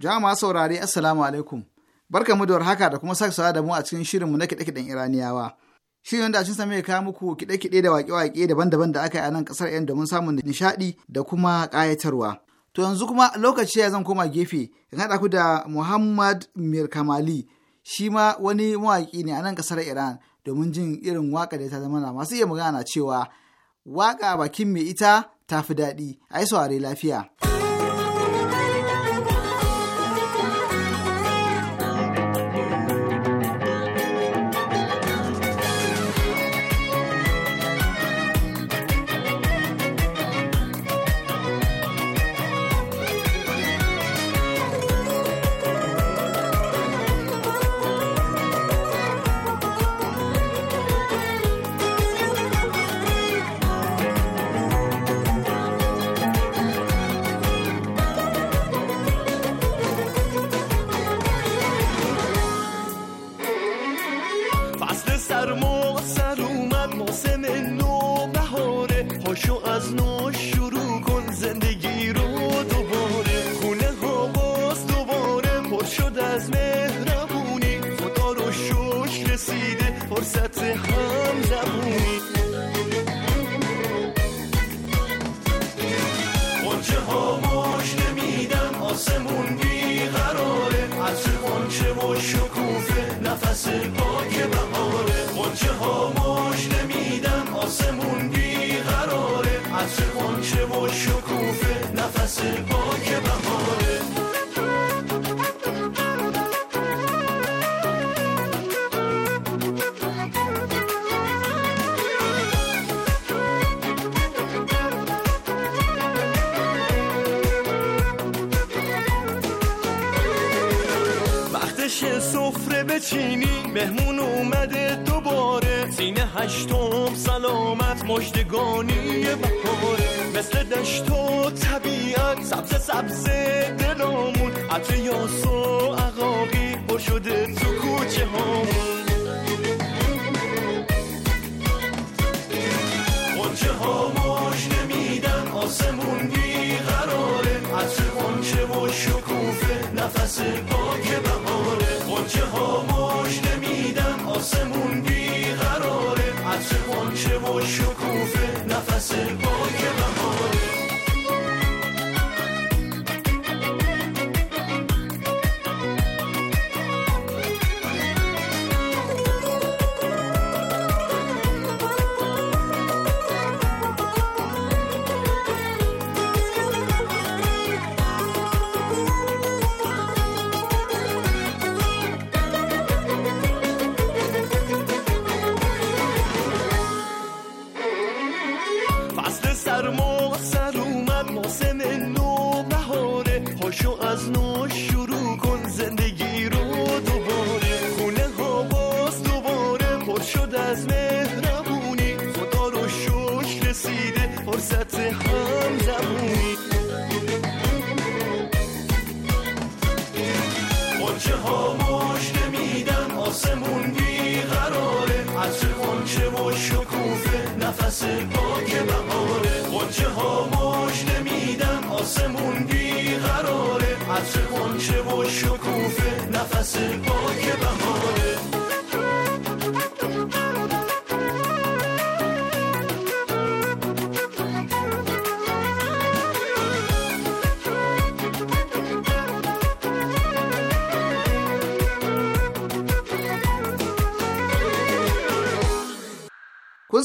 jama'a saurari assalamu alaikum barka mu da haka da kuma sake da mu a cikin shirinmu na kiɗe-kiɗen iraniyawa shirin wanda cin same kawo muku kiɗe-kiɗe da waƙe-waƙe daban-daban da aka yi a nan ƙasar yan domin samun nishaɗi da kuma ƙayatarwa to yanzu kuma lokaci ya zan koma gefe in haɗa ku da muhammad mirkamali shi ma wani mawaƙi ne a nan ƙasar iran domin jin irin waka da ta zama na masu iya magana cewa waka bakin mai ita ta fi daɗi a yi lafiya. سفره بچینی مهمون اومده دوباره سینه هشتم سلامت مشتگانی دشت و طبیعت سبز سبز دلامون عطر یاس و عقاقی پر شده تو کوچه هامون قنچه ها نمیدن آسمون بیقراره عطر خونچه و شکوفه نفس پاک بهاره قنچه ها نمیدن آسمون نفس آنچه و شکوفه نفس که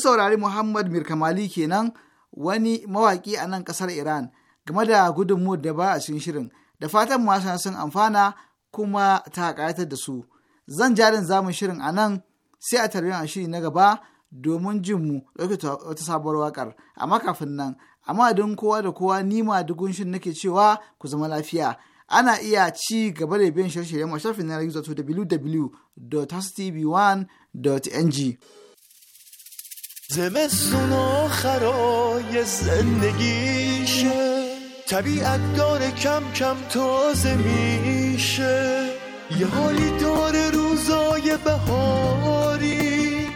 saurari Muhammad Mirkamali kenan wani mawaki a nan ƙasar Iran game da gudunmu da ba a cikin shirin da fatan masu sun amfana kuma ta ƙayatar da su. Zan jarin zamun shirin a nan sai a tarbiyyar shiri na gaba domin jin mu ɗauke wata sabuwar wakar amma kafin nan amma don kowa da kowa nima ma dugun nake cewa ku zama lafiya ana iya ci gaba da biyan shirye-shiryen mashafin na gizo to 1ng زمستون آخرای زندگیشه طبیعت داره کم کم تازه میشه یه حالی داره روزای بهاری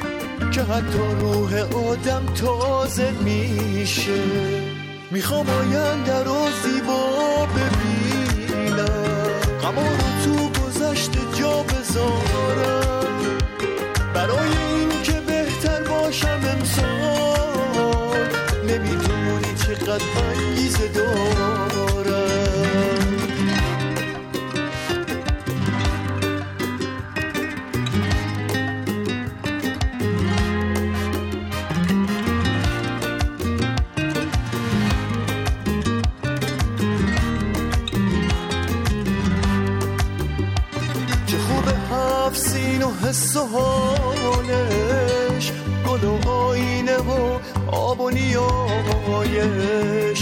که حتی روح آدم تازه میشه میخوام آینده رو زیبا ببینم غما تو گذشت جا بذارم برای دارد انگیز دارم چه خوب حفظین و حس و حاله گل و آینه و آب و نیایش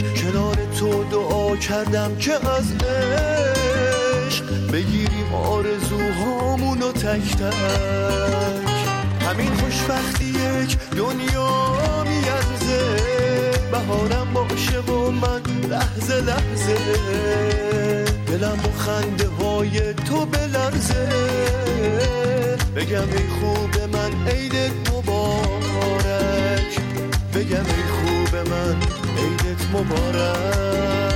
کنار تو دعا کردم که از عشق بگیریم آرزوهامون و تک تک همین خوشبختی یک دنیا میارزه بهارم باشه و من لحظه لحظه دلم و خنده های تو بلرزه بگم ای خوب من عیدت مبارک بگم ای خوب من عیدت مبارک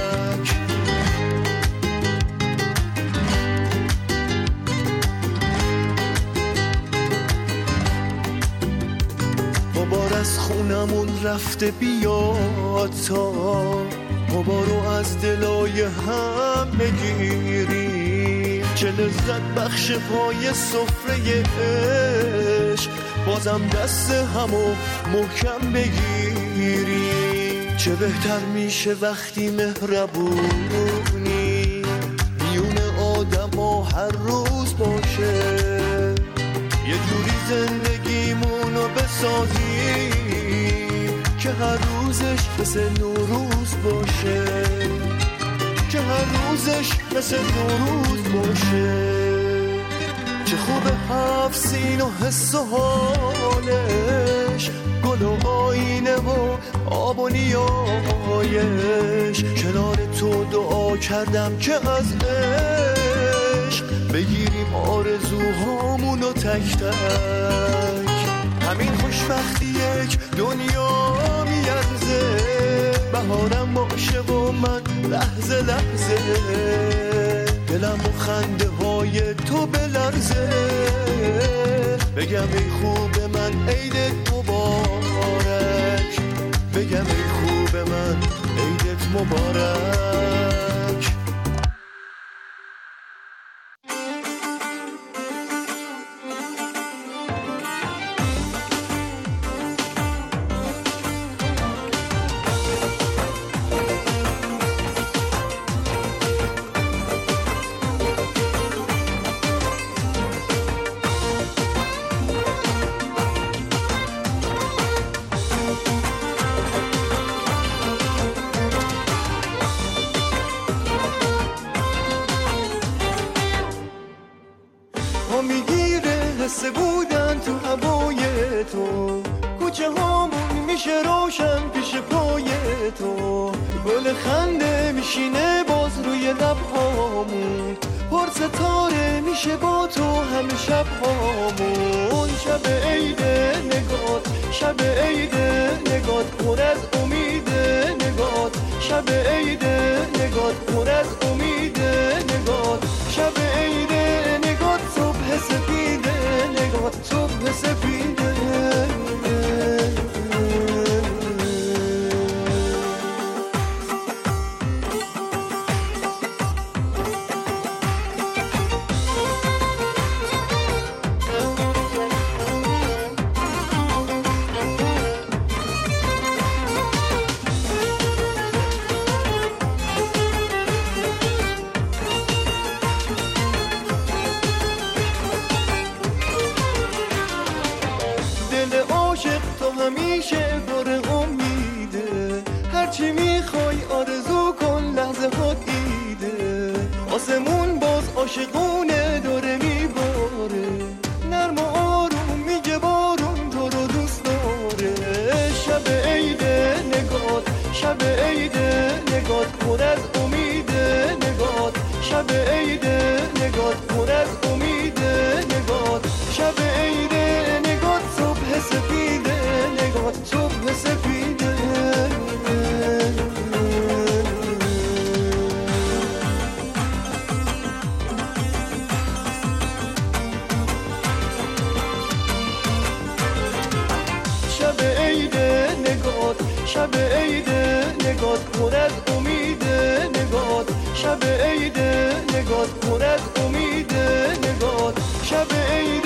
از خونمون رفته بیاد تا قبارو از دلای هم بگیری چه لذت بخش پای سفره عشق بازم دست همو محکم بگیری، چه بهتر میشه وقتی مهربونی میون آدم ها هر روز باشه یه جوری زندگیمونو بسازی. هر روزش مثل نوروز باشه چه هر روزش مثل نوروز باشه چه خوب هفت سین و حس و حالش گل و آینه و آب و نیایش کنار تو دعا کردم که از عشق بگیریم آرزوهامون و تک تک همین خوشبختی یک دنیا میلرزه بهارم عاشق و من لحظه لحظه دلم و خنده های تو بلرزه بگم ای خوب من عید مبارک بگم ای خوب من عیدت مبارک آرزو کن لحظه خود دیده آسمون باز عاشقونه داره میباره نرم و آروم میگه بارون تو رو دوست داره شب عید نگاد شب عید نگات پر از امید نگات شب عید نگات پر از امید نگات شب عید نگات صبح سفید نگات از امید نگات شب ای